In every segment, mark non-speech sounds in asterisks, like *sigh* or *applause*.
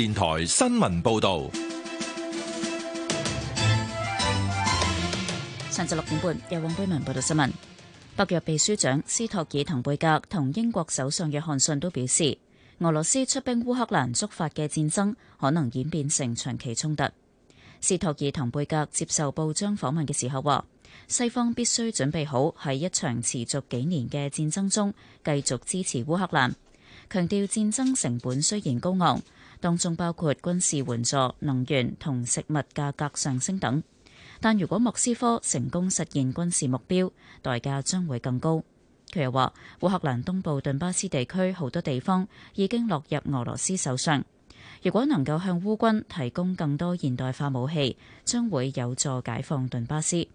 電台新聞報道，晨早六點半由黃貝文報道新聞。北約秘書長斯托爾滕貝格同英國首相約翰遜都表示，俄羅斯出兵烏克蘭觸發嘅戰爭可能演變成長期衝突。斯托爾滕貝格接受報章訪問嘅時候話，西方必須準備好喺一場持續幾年嘅戰爭中繼續支持烏克蘭，強調戰爭成本雖然高昂。當中包括軍事援助、能源同食物價格上升等。但如果莫斯科成功實現軍事目標，代價將會更高。佢又話：烏克蘭東部頓巴斯地區好多地方已經落入俄羅斯手上。如果能夠向烏軍提供更多現代化武器，將會有助解放頓巴斯。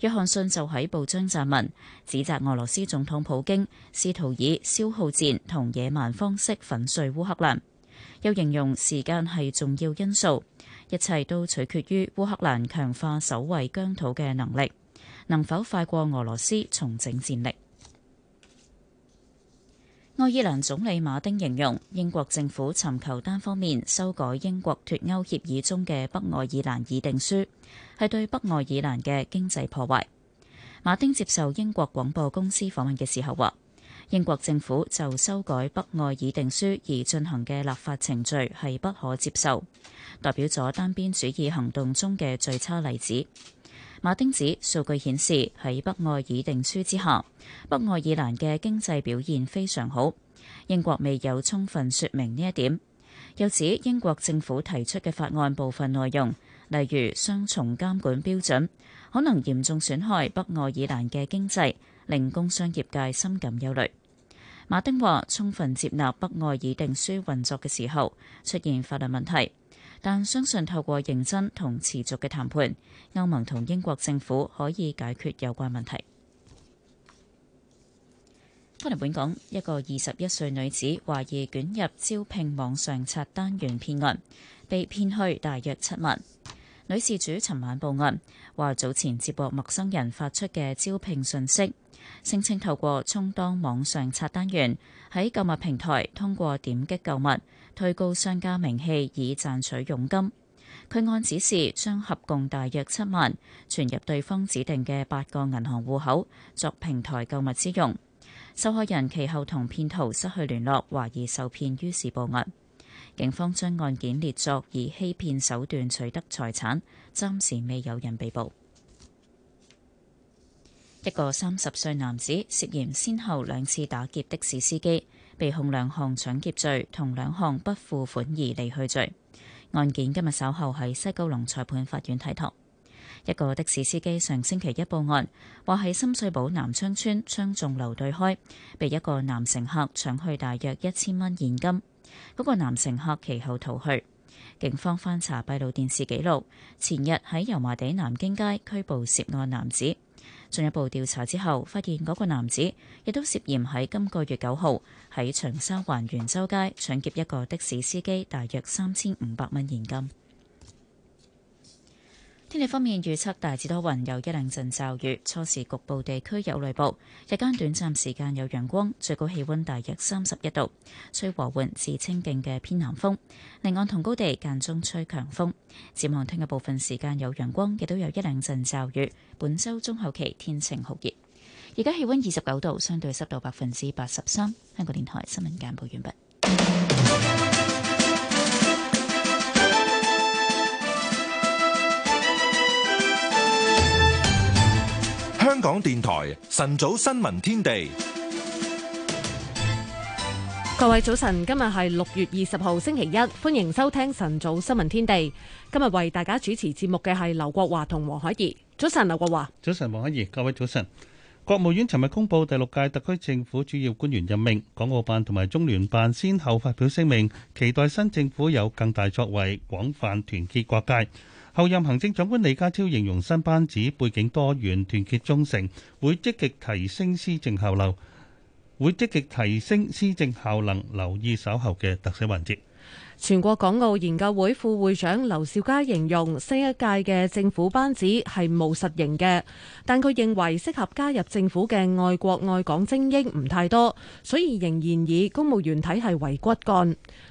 約翰遜就喺報章撰文，指責俄羅斯總統普京試圖以消耗戰同野蠻方式粉碎烏克蘭。又形容時間係重要因素，一切都取決於烏克蘭強化守衛疆土嘅能力，能否快過俄羅斯重整戰力。愛爾蘭總理馬丁形容英國政府尋求單方面修改英國脫歐協議中嘅北愛爾蘭議定書，係對北愛爾蘭嘅經濟破壞。馬丁接受英國廣播公司訪問嘅時候話。英國政府就修改北愛議定書而進行嘅立法程序係不可接受，代表咗單邊主義行動中嘅最差例子。馬丁指數據顯示喺北愛議定書之下，北愛爾蘭嘅經濟表現非常好。英國未有充分説明呢一點，又指英國政府提出嘅法案部分內容，例如雙重監管標準，可能嚴重損害北愛爾蘭嘅經濟，令工商業界深感憂慮。馬丁話，充分接納北愛爾蘭議定書運作嘅時候出現法律問題，但相信透過認真同持續嘅談判，歐盟同英國政府可以解決有關問題。翻嚟本港，一個二十一歲女子懷疑捲入招聘網上刷單員騙案，被騙去大約七萬。女事主尋晚報案，話早前接獲陌生人發出嘅招聘信息，聲稱透過充當網上刷單員，喺購物平台通過點擊購物推高商家名氣以賺取佣金。佢按指示將合共大約七萬存入對方指定嘅八個銀行戶口，作平台購物之用。受害人其後同騙徒失去聯絡，懷疑受騙，於是報案。警方將案件列作以欺騙手段取得財產，暫時未有人被捕。一個三十歲男子涉嫌先後兩次打劫的士司機，被控兩項搶劫罪同兩項不付款而離去罪。案件今日稍後喺西九龍裁判法院提堂。一個的士司機上星期一報案，話喺深水埗南昌邨昌眾樓對開，被一個男乘客搶去大約一千蚊現金。嗰個男乘客其後逃去，警方翻查閉路電視記錄，前日喺油麻地南京街拘捕涉案男子。進一步調查之後，發現嗰個男子亦都涉嫌喺今個月九號喺長沙灣元州街搶劫一個的士司機，大約三千五百蚊現金。天氣方面預測大致多雲，有一兩陣驟雨，初時局部地區有雷暴，日間短暫時間有陽光，最高氣溫大約三十一度，吹和緩至清勁嘅偏南風，離岸同高地間中吹強風。展望聽日部分時間有陽光，亦都有一兩陣驟雨。本周中後期天晴酷熱，而家氣温二十九度，相對濕度百分之八十三。香港電台新聞簡報完畢。 *music* 香港電台晨早新聞天地，各位早晨，今日係六月二十號星期一，歡迎收聽晨早新聞天地。今日為大家主持節目嘅係劉國華同黃海怡。早晨，劉國華。早晨，黃海怡。各位早晨。國務院尋日公布第六屆特區政府主要官員任命，港澳辦同埋中聯辦先後發表聲明，期待新政府有更大作為，廣泛團結各界。後任行政長官李家超形容新班子背景多元、團結忠誠，會積極提升施政效率，會積極提升施政效能。留意稍後嘅特色環節。全國港澳研究會副會長劉兆佳形容新一屆嘅政府班子係務實型嘅，但佢認為適合加入政府嘅外國外港精英唔太多，所以仍然以公務員體系為骨幹。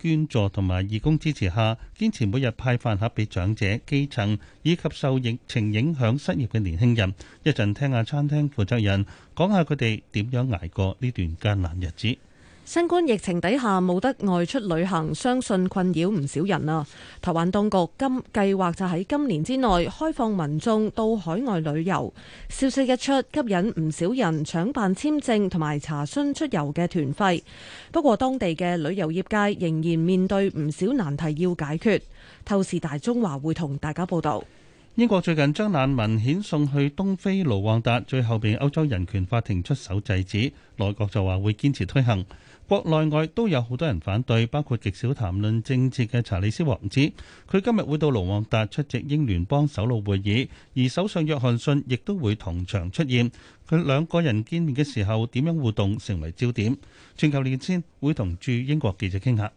捐助同埋義工支持下，堅持每日派飯盒俾長者、基層以及受疫情影響失業嘅年輕人。一陣聽下餐廳負責人講下佢哋點樣捱過呢段艱難日子。新冠疫情底下冇得外出旅行，相信困擾唔少人啊。台灣當局今計劃就喺今年之內開放民眾到海外旅遊。消息一出，吸引唔少人搶辦簽證同埋查詢出遊嘅團費。不過，當地嘅旅遊業界仍然面對唔少難題要解決。透視大中華會同大家報道。英國最近將難民遣送去東非盧旺達，最後被歐洲人權法庭出手制止，內閣就話會堅持推行。國內外都有好多人反對，包括極少談論政治嘅查理斯王子。佢今日會到盧旺達出席英聯邦首腦會議，而首相約翰遜亦都會同場出現。佢兩個人見面嘅時候點樣互動成為焦點。全球連線會同駐英國記者傾下。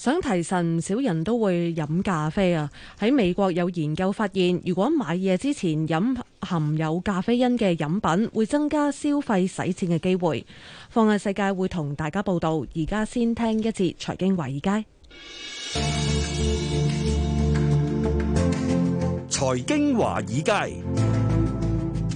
想提神唔少人都會飲咖啡啊。喺美國有研究發現，如果買嘢之前飲含有咖啡因嘅飲品，會增加消費洗錢嘅機會。放眼世界會同大家報道，而家先聽一節財經華爾街。財經華爾街。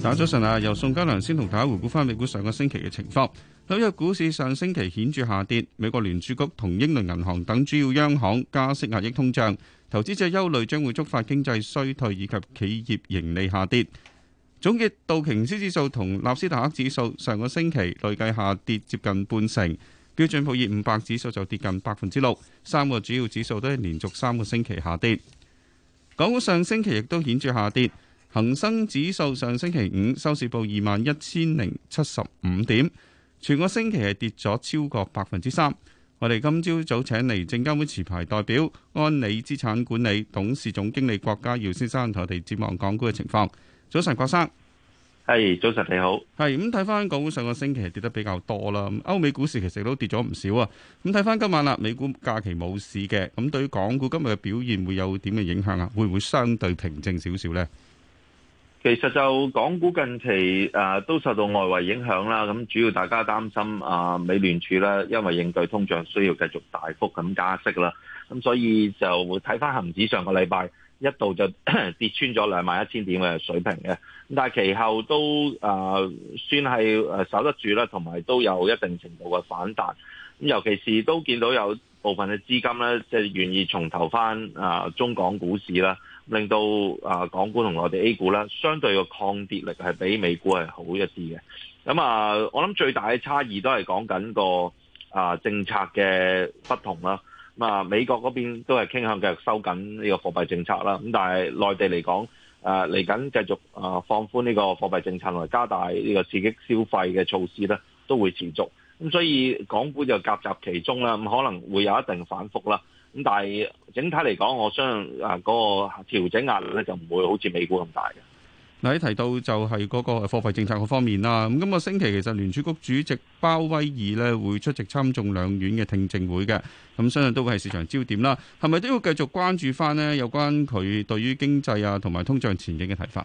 打早晨啊！由宋嘉良先同大家回顧翻美股上個星期嘅情況。紐約股市上星期顯著下跌，美國聯儲局同英倫銀行等主要央行加息壓抑通脹，投資者憂慮將會觸發經濟衰退以及企業盈利下跌。總結，道瓊斯指數同納斯達克指數上個星期累計下跌接近半成，標準普爾五百指數就跌近百分之六，三個主要指數都係連續三個星期下跌。港股上星期亦都顯著下跌。恒生指數上星期五收市報二萬一千零七十五點，全個星期係跌咗超過百分之三。我哋今朝早早請嚟證監會持牌代表安理資產管理董事總經理郭家耀先生同我哋展望港股嘅情況。早晨，郭生，係早晨，你好。係咁睇翻港股上個星期係跌得比較多啦。歐美股市其實都跌咗唔少啊。咁睇翻今晚啦，美股假期冇市嘅，咁對於港股今日嘅表現會有點嘅影響啊？會唔會相對平靜少少呢？其實就港股近期誒、啊、都受到外圍影響啦，咁主要大家擔心啊美聯儲咧，因為應對通脹需要繼續大幅咁加息啦，咁所以就會睇翻恆指上個禮拜一度就 *coughs* 跌穿咗兩萬一千點嘅水平嘅，咁但係其後都誒、啊、算係誒守得住啦，同埋都有一定程度嘅反彈，咁尤其是都見到有部分嘅資金咧，即係願意重投翻啊中港股市啦。令到啊，港股同內地 A 股咧，相對個抗跌力係比美股係好一啲嘅。咁啊，我諗最大嘅差異都係講緊個啊政策嘅不同啦。咁啊，美國嗰邊都係傾向繼續收緊呢個貨幣政策啦。咁但係內地嚟講，誒嚟緊繼續啊放寬呢個貨幣政策，同加大呢個刺激消費嘅措施咧，都會持續。咁所以港股就夾雜其中啦，咁可能會有一定反覆啦。咁但係整體嚟講，我相信啊嗰個調整壓力咧就唔會好似美股咁大嘅。嗱，你提到就係嗰個貨幣政策嗰方面啦。咁、那、今個星期其實聯儲局主席鮑威爾呢會出席參眾兩院嘅聽證會嘅，咁相信都會係市場焦點啦。係咪都要繼續關注翻呢？有關佢對於經濟啊同埋通脹前景嘅睇法？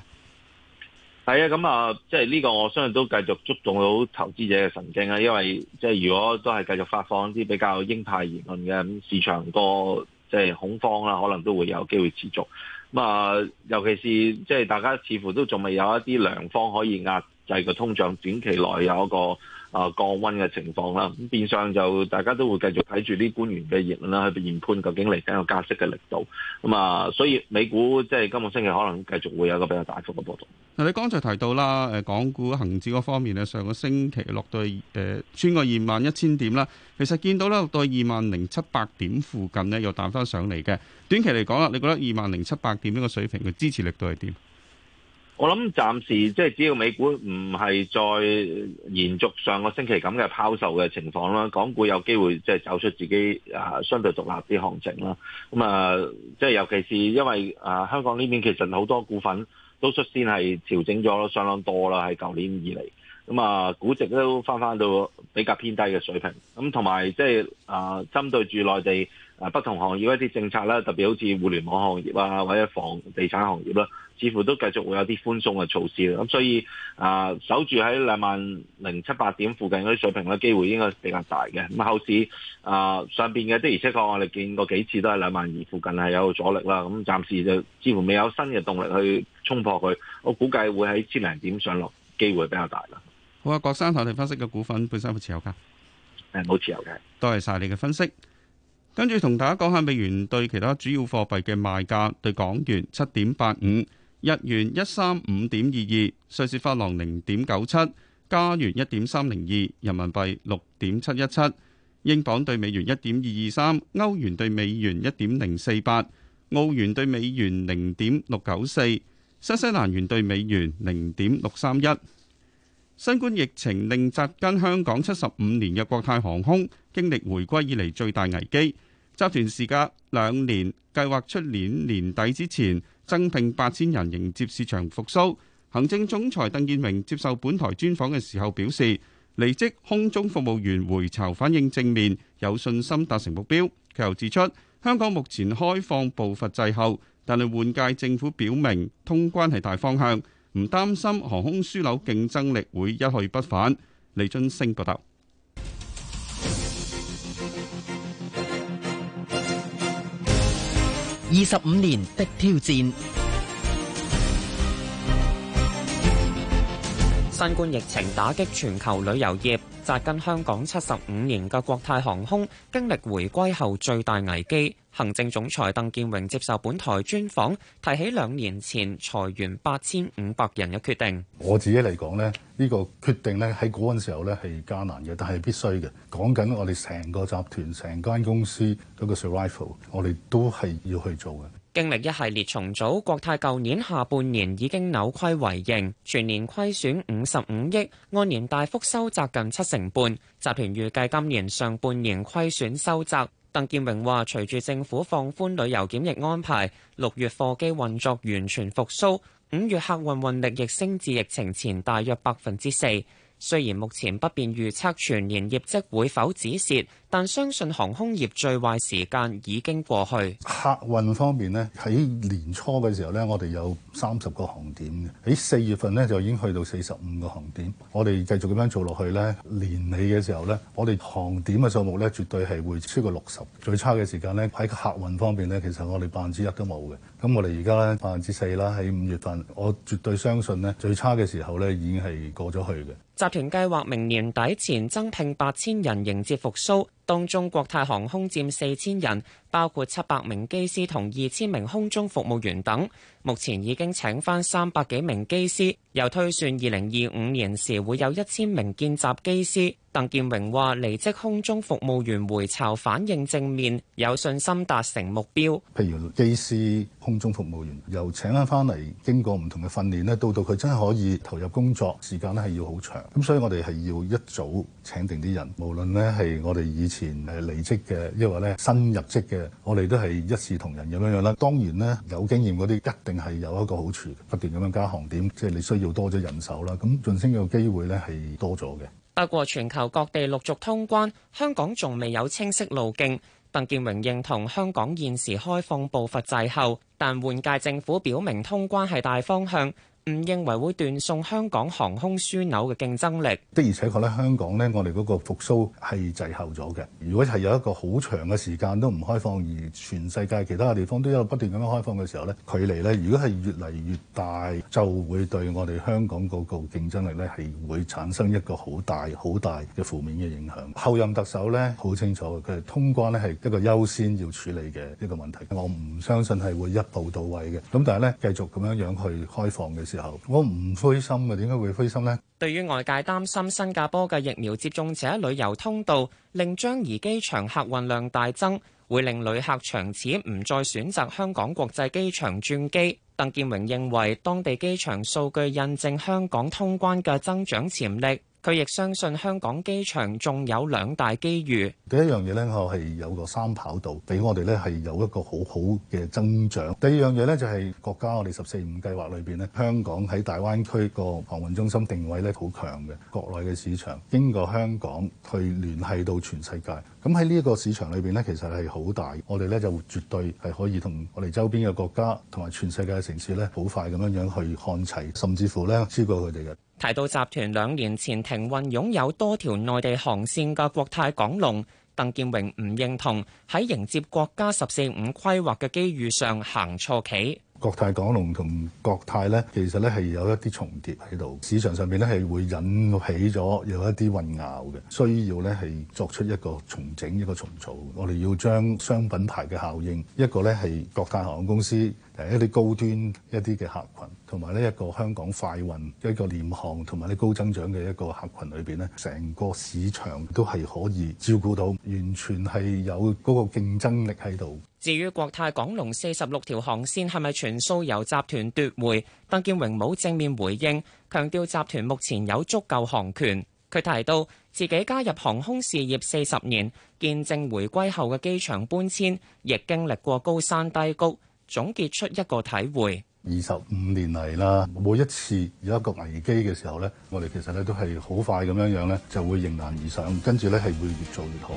係啊，咁啊，即係呢個我相信都繼續觸動到投資者嘅神經啊，因為即係如果都係繼續發放啲比較鷹派言論嘅，市場個即係恐慌啦，可能都會有機會持續。咁啊，尤其是即係大家似乎都仲未有一啲良方可以壓制個通脹，短期內有一個。啊，降温嘅情況啦，咁變相就大家都會繼續睇住啲官員嘅言論啦，去研判究竟嚟緊個加息嘅力度。咁啊，所以美股即係今個星期可能繼續會有一個比較大幅嘅波動。嗱，你剛才提到啦，誒、呃，港股恒指嗰方面呢，上個星期落到誒、呃、穿過二萬一千點啦，其實見到呢落到二萬零七百點附近呢，又彈翻上嚟嘅。短期嚟講啦，你覺得二萬零七百點呢個水平嘅支持力度係點？我諗暫時即係只要美股唔係再延續上個星期咁嘅拋售嘅情況啦，港股有機會即係走出自己啊相對獨立啲行情啦。咁啊，即係尤其是因為啊香港呢邊其實好多股份都率先係調整咗相當多啦，係舊年以嚟。咁啊，估值都翻翻到比較偏低嘅水平。咁同埋即係啊，針對住內地，啊，不同行業一啲政策啦，特別好似互聯網行業啊，或者房地產行業啦，似乎都繼續會有啲寬鬆嘅措施咁、啊、所以啊，守住喺兩萬零七八點附近嗰啲水平咧，機會應該比較大嘅。咁、啊、後市啊，上邊嘅的而且確，確我哋見過幾次都係兩萬二附近係有阻力啦。咁、啊、暫時就似乎未有新嘅動力去衝破佢，我估計會喺千零點上落機會比較大啦。好啊，郭生，睇睇分析嘅股份本身有冇持有㗎？誒、嗯，冇持有嘅。多謝晒你嘅分析。跟住同大家講下美元對其他主要貨幣嘅賣價：對港元七點八五，日元一三五點二二，瑞士法郎零點九七，加元一點三零二，人民幣六點七一七，英鎊對美元一點二二三，歐元對美元一點零四八，澳元對美元零點六九四，新西蘭元對美元零點六三一。新冠疫情令紮根香港七十五年嘅國泰航空經歷回歸以嚟最大危機。集團時隔兩年，計劃出年年底之前增聘八千人迎接市場復甦。行政總裁鄧健榮接受本台專訪嘅時候表示，離職空中服務員回巢反應正面，有信心達成目標。佢又指出，香港目前開放步伐滯後，但係換屆政府表明通關係大方向。唔擔心航空樞紐競爭力會一去不返。李津升報道。二十五年的挑戰。新冠疫情打擊全球旅遊業，紮根香港七十五年嘅國泰航空，經歷回歸後最大危機。行政總裁鄧健榮接受本台專訪，提起兩年前裁員八千五百人嘅決定。我自己嚟講咧，呢、呢個決定咧喺嗰陣時候咧係艱難嘅，但係必須嘅。講緊我哋成個集團、成間公司嗰個 survival，我哋都係要去做嘅。經歷一系列重組，國泰舊年下半年已經扭虧為盈，全年虧損五十五億，按年大幅收窄近七成半。集團預計今年上半年虧損收窄。鄧建榮話，隨住政府放寬旅遊檢疫安排，六月貨機運作完全復甦，五月客運運力亦升至疫情前大約百分之四。雖然目前不便預測全年業績會否止蝕，但相信航空業最壞時間已經過去。客運方面呢，喺年初嘅時候呢，我哋有三十個航點嘅，喺四月份呢就已經去到四十五個航點。我哋繼續咁樣做落去呢，年尾嘅時候呢，我哋航點嘅數目呢絕對係會超過六十。最差嘅時間呢，喺客運方面呢，其實我哋百分之一都冇嘅。咁我哋而家呢，百分之四啦，喺五月份，我絕對相信呢最差嘅時候呢已經係過咗去嘅。集團計劃明年底前增聘八千人迎接復蘇。當中國泰航空佔四千人。包括七百名機師同二千名空中服務員等，目前已經請翻三百幾名機師，又推算二零二五年時會有一千名見習機師。鄧建榮話：離職空中服務員回巢反應正面，有信心達成目標。譬如機師、空中服務員又請翻翻嚟，經過唔同嘅訓練咧，到到佢真係可以投入工作，時間咧係要好長。咁所以我哋係要一早請定啲人，無論咧係我哋以前誒離職嘅，抑或咧新入職嘅。我哋都係一視同仁咁樣樣啦。當然呢，有經驗嗰啲一定係有一個好處，不斷咁樣加航點，即係你需要多咗人手啦。咁晉升嘅機會呢係多咗嘅。不過全球各地陸續通關，香港仲未有清晰路徑。鄧建榮認同香港現時開放步伐滯後，但換屆政府表明通關係大方向。唔認為會斷送香港航空樞紐嘅競爭力。的而且確咧，香港咧，我哋嗰個復甦係滯後咗嘅。如果係有一個好長嘅時間都唔開放，而全世界其他嘅地方都有不斷咁樣開放嘅時候咧，距離咧，如果係越嚟越大，就會對我哋香港嗰個競爭力咧係會產生一個好大好大嘅負面嘅影響，後任特首咧好清楚，佢通關咧係一個優先要處理嘅一個問題，我唔相信係會一步到位嘅。咁但係咧，繼續咁樣樣去開放嘅。我唔灰心啊，點解會灰心呢？對於外界擔心新加坡嘅疫苗接種者旅遊通道令樟宜機場客運量大增，會令旅客長此唔再選擇香港國際機場轉機，鄧建榮認為當地機場數據印證香港通關嘅增長潛力。佢亦相信香港機場仲有兩大機遇。第一樣嘢咧，我係有個三跑道，俾我哋咧係有一個好好嘅增長。第二樣嘢咧，就係國家我哋十四五計劃裏邊咧，香港喺大灣區個航運中心定位咧好強嘅。國內嘅市場，經過香港去聯繫到全世界，咁喺呢一個市場裏邊咧，其實係好大。我哋咧就絕對係可以同我哋周邊嘅國家同埋全世界嘅城市咧，好快咁樣樣去看齊，甚至乎咧超過佢哋嘅。提到集團兩年前停運，擁有多條內地航線嘅國泰港龍，鄧健榮唔認同喺迎接國家十四五規劃嘅機遇上行錯棋。國泰港龍同國泰呢，其實呢係有一啲重疊喺度，市場上面呢係會引起咗有一啲混淆嘅，需要呢係作出一個重整，一個重組。我哋要將商品牌嘅效應，一個呢係國泰航空公司。一啲高端一啲嘅客群，同埋呢一個香港快運一個廉航，同埋啲高增長嘅一個客群裏邊咧，成個市場都係可以照顧到，完全係有嗰個競爭力喺度。至於國泰港龍四十六條航線係咪全數由集團奪回？鄧建榮冇正面回應，強調集團目前有足夠航權，佢提到自己加入航空事業四十年，見證回歸後嘅機場搬遷，亦經歷過高山低谷。總結出一個體會，二十五年嚟啦，每一次有一個危機嘅時候咧，我哋其實咧都係好快咁樣樣咧，就會迎難而上，跟住咧係會越做越好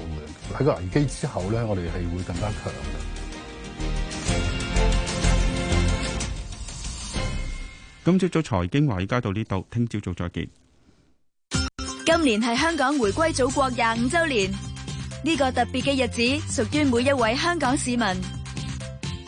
嘅。喺個危機之後咧，我哋係會更加強嘅。今朝早財經華爾街到呢度，聽朝早再見。今年係香港回歸祖國廿五週年，呢個特別嘅日子屬於每一位香港市民。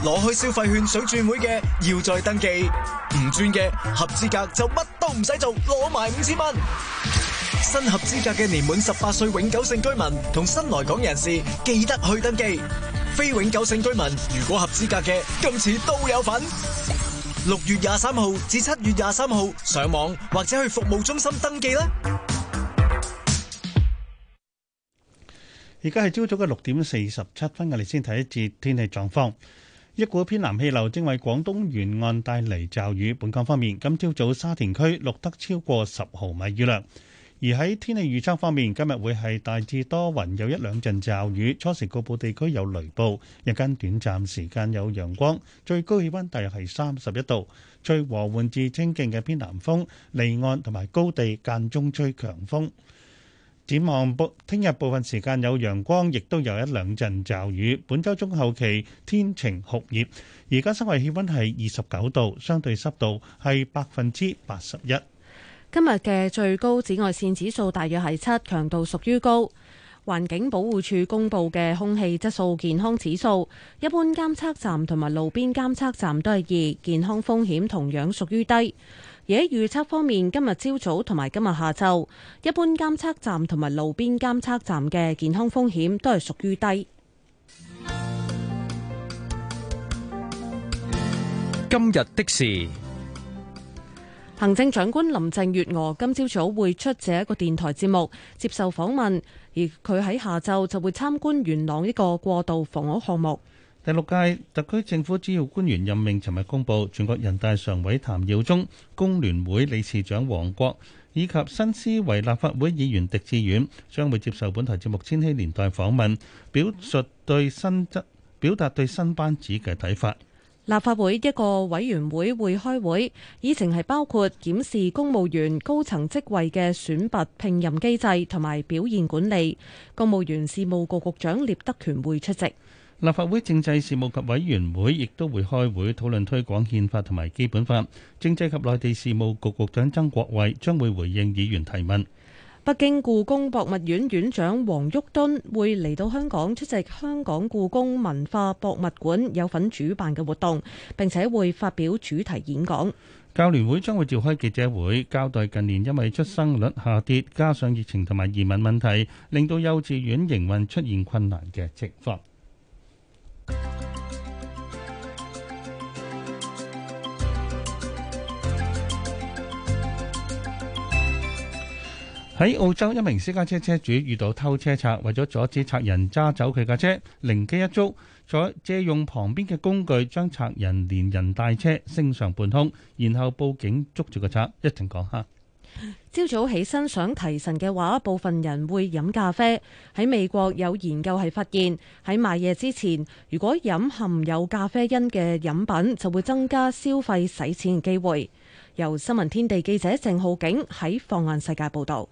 攞去消費券想轉會嘅，要再登記；唔轉嘅合資格就乜都唔使做，攞埋五千蚊。新合資格嘅年滿十八歲永久性居民同新來港人士，記得去登記。非永久性居民如果合資格嘅，今次都有份。六月廿三號至七月廿三號，上網或者去服務中心登記啦。而家係朝早嘅六點四十七分，我哋先睇一節天氣狀況。一股偏南氣流正為廣東沿岸帶嚟驟雨。本港方面，今朝早沙田區錄得超過十毫米雨量。而喺天氣預測方面，今日會係大致多雲，有一兩陣驟雨，初時局部地區有雷暴，日間短暫時間有陽光，最高氣溫大約係三十一度，吹和緩至清勁嘅偏南風，離岸同埋高地間中吹強風。展望部，聽日部分時間有陽光，亦都有一兩陣驟雨。本周中後期天晴酷熱，而家室外氣溫係二十九度，相對濕度係百分之八十一。今日嘅最高紫外線指數大約係七，強度屬於高。環境保護署公布嘅空氣質素健康指數，一般監測站同埋路邊監測站都係二，健康風險同樣屬於低。而喺預測方面，今日朝早同埋今日下晝，一般監測站同埋路邊監測站嘅健康風險都係屬於低。今日的事，行政長官林鄭月娥今朝早會出席一個電台節目接受訪問，而佢喺下晝就會參觀元朗呢個過渡房屋項目。第六屆特區政府主要官員任命尋日公佈，全國人大常委譚耀宗、工聯會理事長黃國以及新思維立法會議員狄志遠將會接受本台節目《千禧年代》訪問，表述對新質表達對新班子嘅睇法。立法會一個委員會會開會，議程係包括檢視公務員高層職位嘅選拔聘任機制同埋表現管理。公務員事務局局長聶德權會出席。立法會政制事務及委員會亦都會開會討論推廣憲法同埋基本法。政制及內地事務局局長曾國衛將會回應議員提問。北京故宮博物院院長王旭東會嚟到香港出席香港故宮文化博物館有份主辦嘅活動，並且會發表主題演講。教聯會將會召開記者會，交代近年因為出生率下跌，加上疫情同埋移民問題，令到幼稚園營運出現困難嘅情況。喺澳洲，一名私家車車主遇到偷車賊，為咗阻止賊人揸走佢架車，靈機一觸，再借用旁邊嘅工具，將賊人連人帶車升上半空，然後報警捉住個賊。一陣講下。朝早起身想提神嘅話，部分人會飲咖啡。喺美國有研究係發現，喺買嘢之前，如果飲含有咖啡因嘅飲品，就會增加消費使錢嘅機會。由新聞天地記者鄭浩景喺放眼世界報道。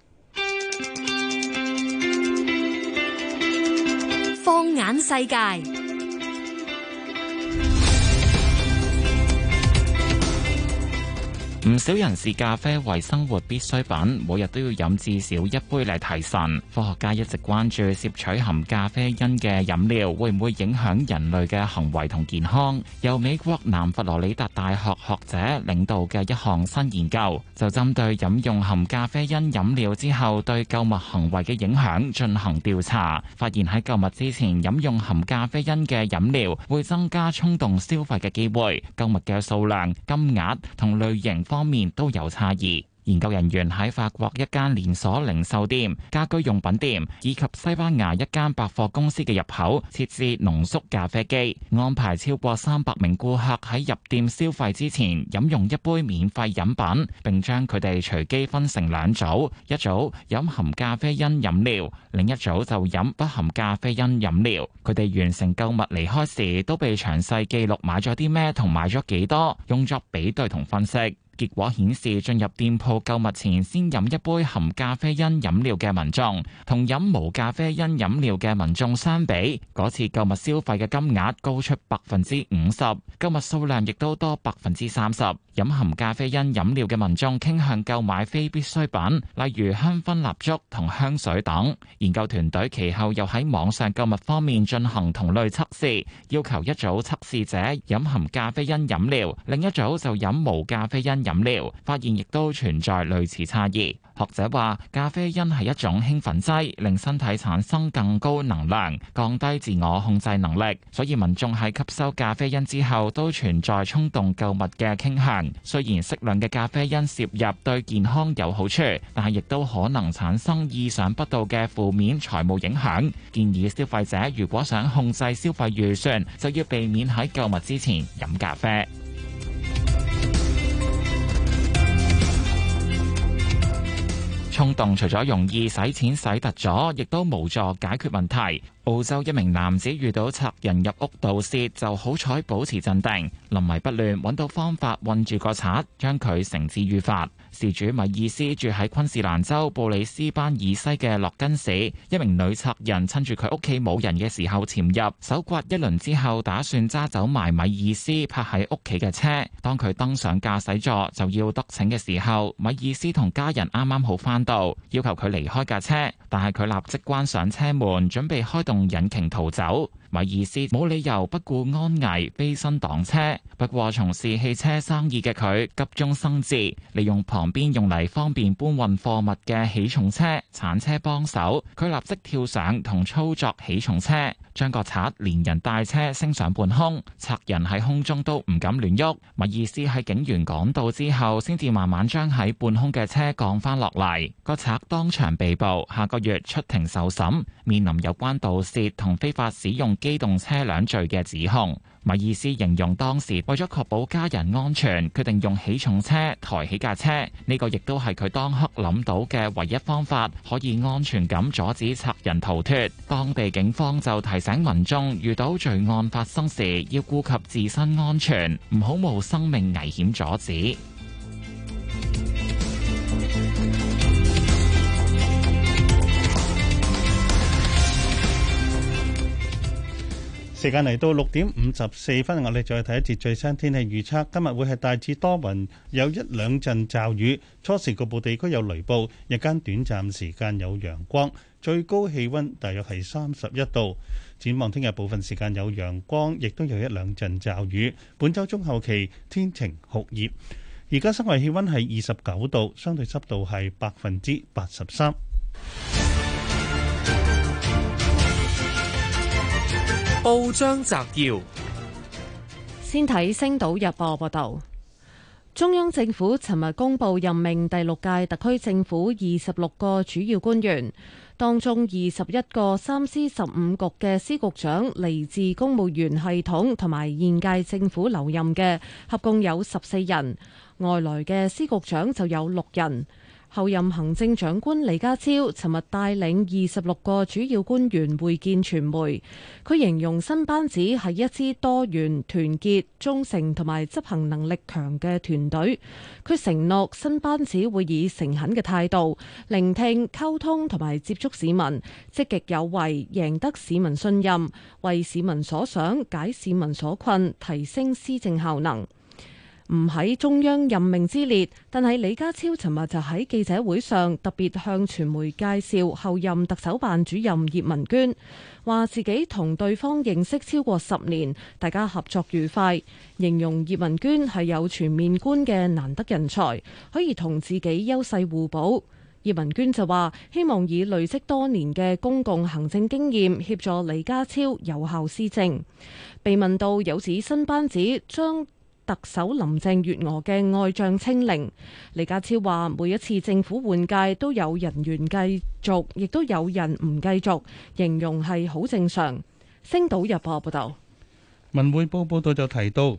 放眼世界。唔少人視咖啡為生活必需品，每日都要飲至少一杯嚟提神。科學家一直關注攝取含咖啡因嘅飲料會唔會影響人類嘅行為同健康。由美國南佛羅里達大學學者領導嘅一項新研究，就針對飲用含咖啡因飲料之後對購物行為嘅影響進行調查，發現喺購物之前飲用含咖啡因嘅飲料會增加衝動消費嘅機會、購物嘅數量、金額同類型，方面都有差異。研究人員喺法國一間連鎖零售店、家居用品店以及西班牙一間百貨公司嘅入口設置濃縮咖啡機，安排超過三百名顧客喺入店消費之前飲用一杯免費飲品，並將佢哋隨機分成兩組，一組飲含咖啡因飲料，另一組就飲不含咖啡因飲料。佢哋完成購物離開時，都被詳細記錄買咗啲咩同買咗幾多，用作比對同分析。結果顯示，進入店鋪購物前先飲一杯含咖啡因飲料嘅民眾，同飲無咖啡因飲料嘅民眾相比，嗰次購物消費嘅金額高出百分之五十，購物數量亦都多百分之三十。飲含咖啡因飲料嘅民眾傾向購買非必需品，例如香薰蠟燭同香水等。研究團隊其後又喺網上購物方面進行同類測試，要求一組測試者飲含咖啡因飲料，另一組就飲無咖啡因飲料。飲料，發現亦都存在類似差異。學者話，咖啡因係一種興奮劑，令身體產生更高能量，降低自我控制能力。所以民眾喺吸收咖啡因之後，都存在衝動購物嘅傾向。雖然適量嘅咖啡因攝入對健康有好處，但係亦都可能產生意想不到嘅負面財務影響。建議消費者如果想控制消費預算，就要避免喺購物之前飲咖啡。衝動除咗容易使錢使突咗，亦都無助解決問題。澳洲一名男子遇到賊人入屋盜竊，就好彩保持鎮定，臨危不亂，搵到方法困住個賊，將佢繩之於法。事主米爾斯住喺昆士蘭州布里斯班以西嘅洛根市，一名女賊人趁住佢屋企冇人嘅時候潛入，手刮一輪之後，打算揸走埋米爾斯泊喺屋企嘅車。當佢登上駕駛座就要得逞嘅時候，米爾斯同家人啱啱好翻到，要求佢離開架車，但係佢立即關上車門，準備開。動引擎逃走，米爾斯冇理由不顧安危飛身擋車。不過從事汽車生意嘅佢急中生智，利用旁邊用嚟方便搬運貨物嘅起重車、鏟車幫手，佢立即跳上同操作起重車。將個賊連人帶車升上半空，賊人喺空中都唔敢亂喐。米爾斯喺警員趕到之後，先至慢慢將喺半空嘅車降翻落嚟。個賊當場被捕，下個月出庭受審，面臨有關盜竊同非法使用機動車輛罪嘅指控。米爾斯形容當時為咗確保家人安全，決定用起重車抬起架車，呢個亦都係佢當刻諗到嘅唯一方法，可以安全咁阻止賊人逃脱。當地警方就提醒民眾，遇到罪案發生時，要顧及自身安全，唔好冒生命危險阻止。時間嚟到六點五十四分，我哋再睇一節最新天氣預測。今日會係大致多雲，有一兩陣驟雨。初時局部地區有雷暴，日間短暫時間有陽光，最高氣溫大約係三十一度。展望聽日部分時間有陽光，亦都有一兩陣驟雨。本周中後期天晴酷熱。而家室外氣溫係二十九度，相對濕度係百分之八十三。報章摘要，先睇《星島日報》報道，中央政府尋日公布任命第六屆特區政府二十六個主要官員，當中二十一個三司十五局嘅司局長嚟自公務員系統，同埋現屆政府留任嘅，合共有十四人；外來嘅司局長就有六人。後任行政長官李家超尋日帶領二十六個主要官員會見傳媒，佢形容新班子係一支多元、團結、忠誠同埋執行能力強嘅團隊。佢承諾新班子會以誠懇嘅態度聆聽、溝通同埋接觸市民，積極有為，贏得市民信任，為市民所想，解市民所困，提升施政效能。唔喺中央任命之列，但係李家超尋日就喺記者會上特別向傳媒介紹候任特首辦主任葉文娟，話自己同對方認識超過十年，大家合作愉快，形容葉文娟係有全面觀嘅難得人才，可以同自己優勢互補。葉文娟就話希望以累積多年嘅公共行政經驗協助李家超有效施政。被問到有指新班子將特首林鄭月娥嘅外賬清零，李家超話每一次政府換屆都有人願繼續，亦都有人唔繼續，形容係好正常。星島日報報道，文匯報報道就提到。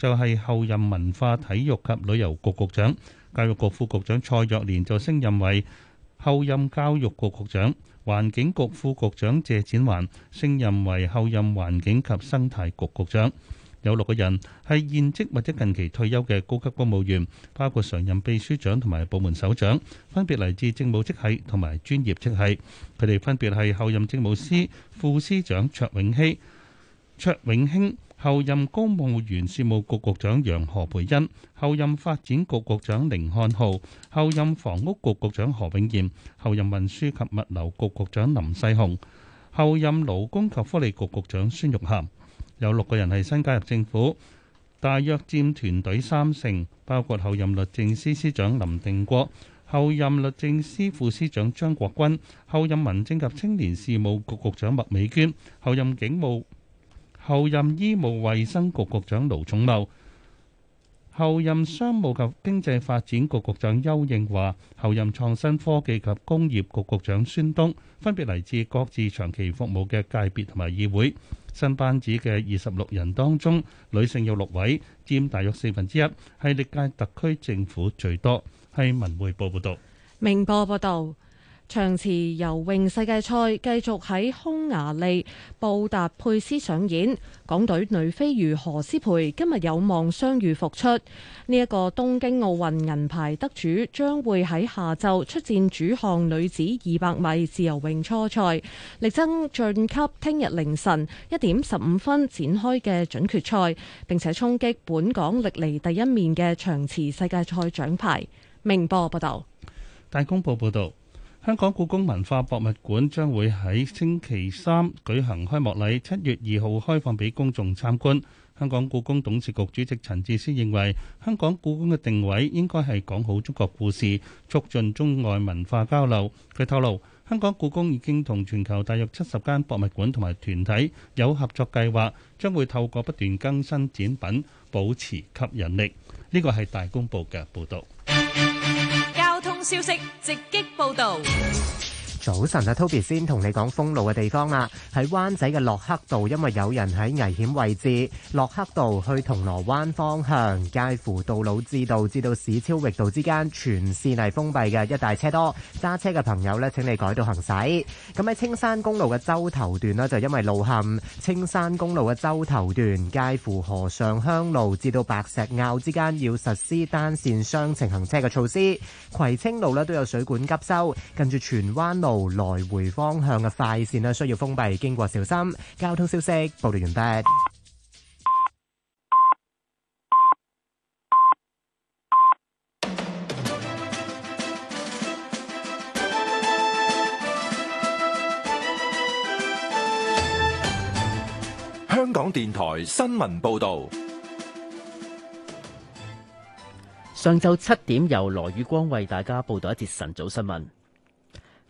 就係後任文化體育及旅遊局局長，教育局副局長蔡若蓮就升任為後任教育局局長，環境局副局長謝展寰升任為後任環境及生態局局長，有六個人係現職或者近期退休嘅高級公務員，包括常任秘書長同埋部門首長，分別嚟自政務職系同埋專業職系。佢哋分別係後任政務司副司長卓永熙、卓永興。候任公務員事務局局長楊何蓓茵，候任發展局局長甯漢豪，候任房屋局局長何永賢，候任運輸及物流局局長林世雄，候任勞工及福利局局長孫玉菡，有六個人係新加入政府，大約佔團隊三成，包括候任律政司司長林定國，候任律政司副司長張國鈞，候任民政及青年事務局局長麥美娟，候任警務。候任醫務衛生局局長盧寵茂、候任商務及經濟發展局局長丘應樺，候任創新科技及工業局局長孫東，分別嚟自各自長期服務嘅界別同埋議會。新班子嘅二十六人當中，女性有六位，佔大約四分之一，係歷屆特區政府最多。係文匯報報道，明報報道。長池游泳世界賽繼續喺匈牙利布達佩斯上演，港隊女飛魚何詩蓓今日有望傷愈複出。呢、這、一個東京奧運銀牌得主將會喺下晝出戰主項女子二百米自由泳初賽，力爭晉，晉級聽日凌晨一點十五分展開嘅準決賽，並且沖擊本港歷嚟第一面嘅長池世界賽獎牌。明報報，報道，大公報報道。香港故宮文化博物館將會喺星期三舉行開幕禮，七月二號開放俾公眾參觀。香港故宮董事局主席陳智思認為，香港故宮嘅定位應該係講好中國故事，促進中外文化交流。佢透露，香港故宮已經同全球大約七十間博物館同埋團體有合作計劃，將會透過不斷更新展品，保持吸引力。呢、這個係大公報嘅報道。消息直擊報道。早晨啊，Toby 先同你講封路嘅地方啦。喺灣仔嘅洛克道，因為有人喺危險位置，洛克道去銅鑼灣方向，介乎道路誌道至到市超域道之間全線係封閉嘅，一帶車多，揸車嘅朋友咧，請你改道行駛。咁喺青山公路嘅洲頭段咧，就因為路陷，青山公路嘅洲頭段介乎河上鄉路至到白石坳之間要實施單線雙程行車嘅措施。葵青路咧都有水管急修，跟住荃灣路。路來回方向嘅快線呢，需要封閉，經過小心。交通消息報道完畢。香港電台新聞報道。上晝七點，由羅宇光為大家報道一節晨早新聞。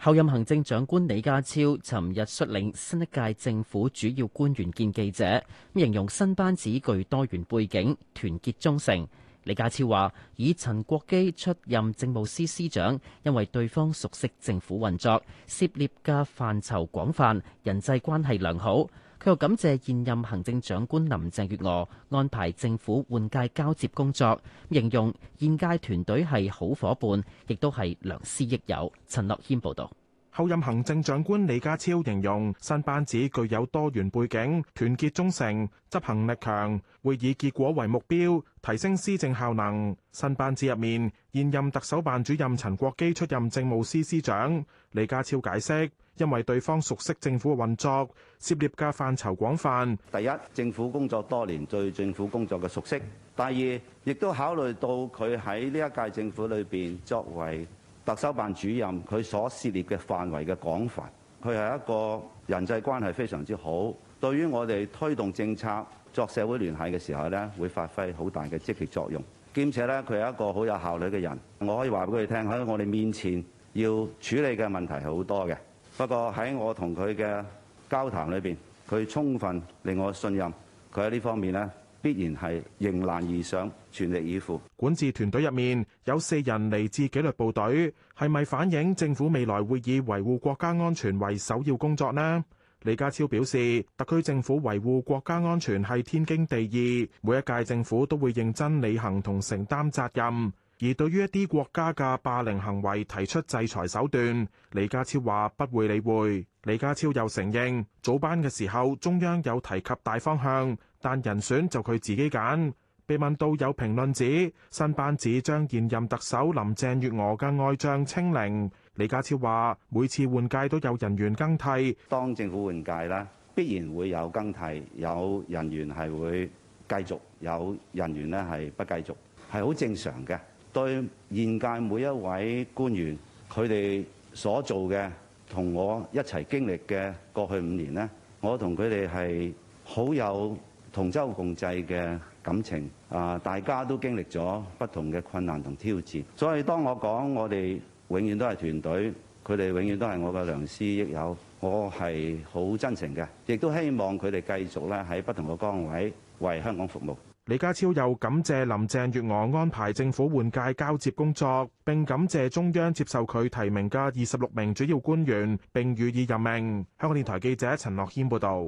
候任行政長官李家超尋日率領新一屆政府主要官員見記者，形容新班子具多元背景、團結忠誠。李家超話，以陳國基出任政務司司長，因為對方熟悉政府運作、涉獵嘅範疇廣泛、人際關係良好。佢又感謝現任行政長官林鄭月娥安排政府換屆交接工作，形容現屆團隊係好夥伴，亦都係良師益友。陳樂謙報道。候任行政長官李家超形容新班子具有多元背景、團結忠誠，執行力強，會以結果為目標，提升施政效能。新班子入面，現任特首辦主任陳國基出任政務司司長，李家超解釋。因為對方熟悉政府嘅運作，涉獵嘅範疇廣泛。第一，政府工作多年，對政府工作嘅熟悉；第二，亦都考慮到佢喺呢一屆政府裏邊作為特首辦主任，佢所涉獵嘅範圍嘅廣泛。佢係一個人際關係非常之好，對於我哋推動政策作社會聯繫嘅時候咧，會發揮好大嘅積極作用。兼且咧，佢係一個好有效率嘅人。我可以話俾佢哋聽，喺我哋面前要處理嘅問題好多嘅。不過喺我同佢嘅交談裏邊，佢充分令我信任，佢喺呢方面呢必然係迎難而上，全力以赴。管治團隊入面有四人嚟自紀律部隊，係咪反映政府未來會以維護國家安全為首要工作呢？李家超表示，特區政府維護國家安全係天經地義，每一屆政府都會認真履行同承擔責任。而對於一啲國家嘅霸凌行為，提出制裁手段，李家超話不會理會。李家超又承認早班嘅時候，中央有提及大方向，但人選就佢自己揀。被問到有評論指新班子將現任特首林鄭月娥嘅愛將清零，李家超話每次換屆都有人員更替，當政府換屆啦，必然會有更替，有人員係會繼續，有人員呢係不繼續，係好正常嘅。對現屆每一位官員，佢哋所做嘅同我一齊經歷嘅過去五年咧，我同佢哋係好有同舟共濟嘅感情。啊，大家都經歷咗不同嘅困難同挑戰，所以當我講我哋永遠都係團隊，佢哋永遠都係我嘅良師益友，我係好真誠嘅，亦都希望佢哋繼續咧喺不同嘅崗位為香港服務。李家超又感謝林鄭月娥安排政府換屆交接工作，並感謝中央接受佢提名嘅二十六名主要官員，並予以任命。香港電台記者陳樂謙報道。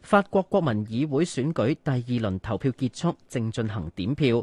法國國民議會選舉第二輪投票結束，正進行點票。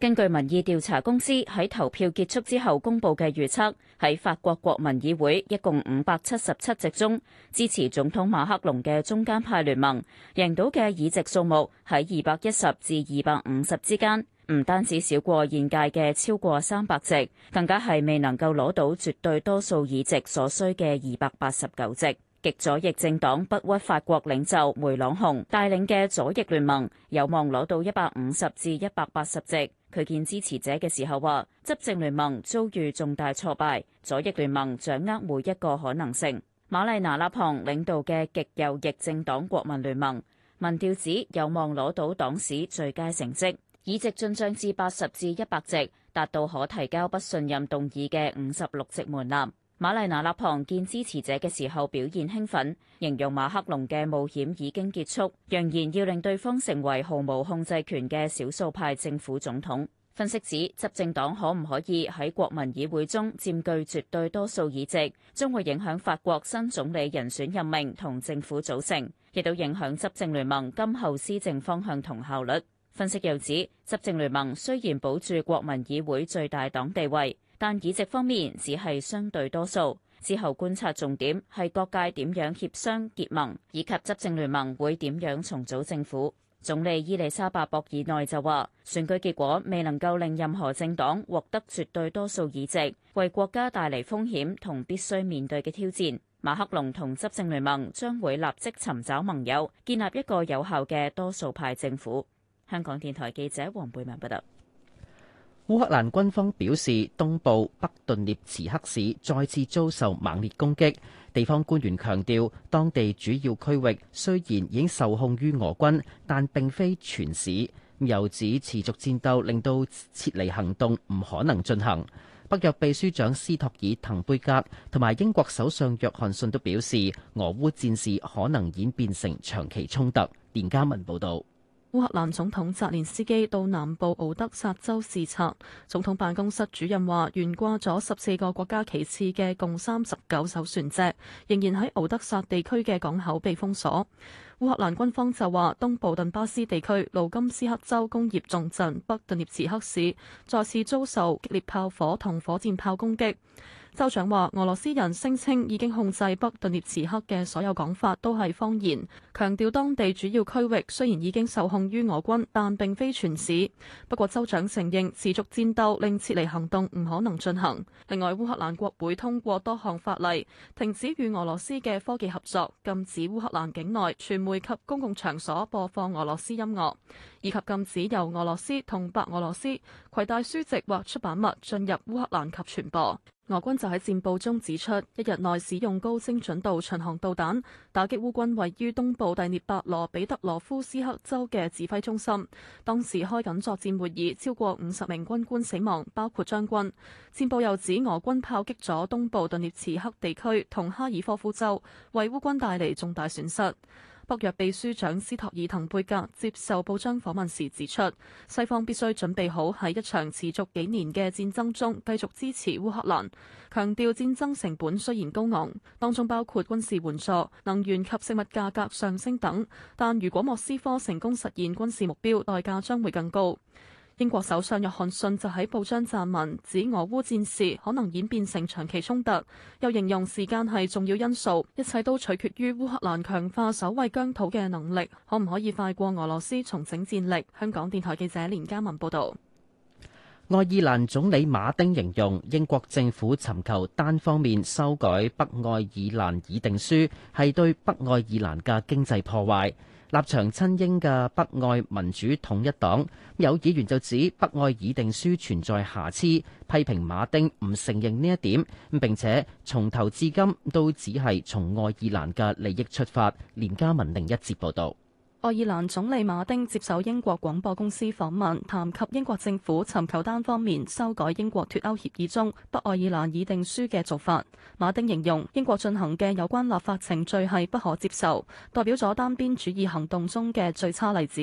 根據民意調查公司喺投票結束之後公佈嘅預測，喺法國國民議會一共五百七十七席中，支持總統馬克龍嘅中間派聯盟贏到嘅議席數目喺二百一十至二百五十之間，唔單止少過現屆嘅超過三百席，更加係未能夠攞到絕對多數議席所需嘅二百八十九席。極左翼政黨不屈法國領袖梅朗雄帶領嘅左翼聯盟有望攞到一百五十至一百八十席。佢見支持者嘅時候話：執政聯盟遭遇重大挫敗，左翼聯盟掌握每一個可能性。瑪麗娜納龐領導嘅極右翼政黨國民聯盟，民調指有望攞到黨史最佳成績，議席進漲至八十至一百席，達到可提交不信任動議嘅五十六席門檻。瑪麗娜立旁見支持者嘅時候表現興奮，形容馬克龍嘅冒險已經結束，揚言要令對方成為毫無控制權嘅少數派政府總統。分析指，執政黨可唔可以喺國民議會中佔據絕對多數議席，將會影響法國新總理人選任命同政府組成，亦都影響執政聯盟今後施政方向同效率。分析又指，執政聯盟雖然保住國民議會最大黨地位。但議席方面只係相對多數，之後觀察重點係各界點樣協商結盟，以及執政聯盟會點樣重組政府。總理伊麗莎白博爾內就話：選舉結果未能夠令任何政黨獲得絕對多數議席，為國家帶嚟風險同必須面對嘅挑戰。馬克龍同執政聯盟將會立即尋找盟友，建立一個有效嘅多數派政府。香港電台記者黃貝文報道。烏克蘭軍方表示，東部北頓涅茨克市再次遭受猛烈攻擊。地方官員強調，當地主要區域雖然已經受控於俄軍，但並非全市。又指持續戰鬥令到撤離行動唔可能進行。北約秘書長斯托爾滕貝格同埋英國首相約翰遜都表示，俄烏戰事可能演變成長期衝突。連家文報道。烏克蘭總統澤連斯基到南部敖德薩州視察，總統辦公室主任話，懸掛咗十四個國家旗幟嘅共三十九艘船隻仍然喺敖德薩地區嘅港口被封鎖。烏克蘭軍方就話東部頓巴斯地區盧甘斯克州工業重鎮北頓涅茨克市再次遭受激烈炮火同火箭炮攻擊。州長話：俄羅斯人聲稱已經控制北頓涅茨克嘅所有講法都係謊言，強調當地主要區域雖然已經受控於俄軍，但並非全市。不過州長承認持續戰鬥令撤離行動唔可能進行。另外，烏克蘭國會通過多項法例，停止與俄羅斯嘅科技合作，禁止烏克蘭境內傳媒及公共場所播放俄羅斯音樂，以及禁止由俄羅斯同白俄羅斯攜帶書籍或出版物進入烏克蘭及傳播。俄軍就喺戰報中指出，一日內使用高精準度巡航導彈打擊烏軍位於東部第聶伯羅彼得羅夫斯克州嘅指揮中心，當時開緊作戰會議，超過五十名軍官死亡，包括將軍。戰報又指俄軍炮擊咗東部頓涅茨克地區同哈爾科夫州，為烏軍帶嚟重大損失。北約秘書長斯托爾滕貝格接受報章訪問時指出，西方必須準備好喺一場持續幾年嘅戰爭中繼續支持烏克蘭，強調戰爭成本雖然高昂，當中包括軍事援助、能源及食物價格上升等，但如果莫斯科成功實現軍事目標，代價將會更高。英國首相約翰遜就喺報章撰文指，俄烏戰事可能演變成長期衝突，又形容時間係重要因素，一切都取決於烏克蘭強化守衛疆土嘅能力，可唔可以快過俄羅斯重整戰力？香港電台記者連家文報道。愛爾蘭總理馬丁形容英國政府尋求單方面修改北愛爾蘭議定書，係對北愛爾蘭嘅經濟破壞。立場親英嘅北愛民主統一黨有議員就指北愛議定書存在瑕疵，批評馬丁唔承認呢一點，並且從頭至今都只係從愛爾蘭嘅利益出發。連嘉文另一節報導。愛爾蘭總理馬丁接受英國廣播公司訪問，談及英國政府尋求單方面修改英國脫歐協議中北愛爾蘭議定書嘅做法。馬丁形容英國進行嘅有關立法程序係不可接受，代表咗單邊主義行動中嘅最差例子。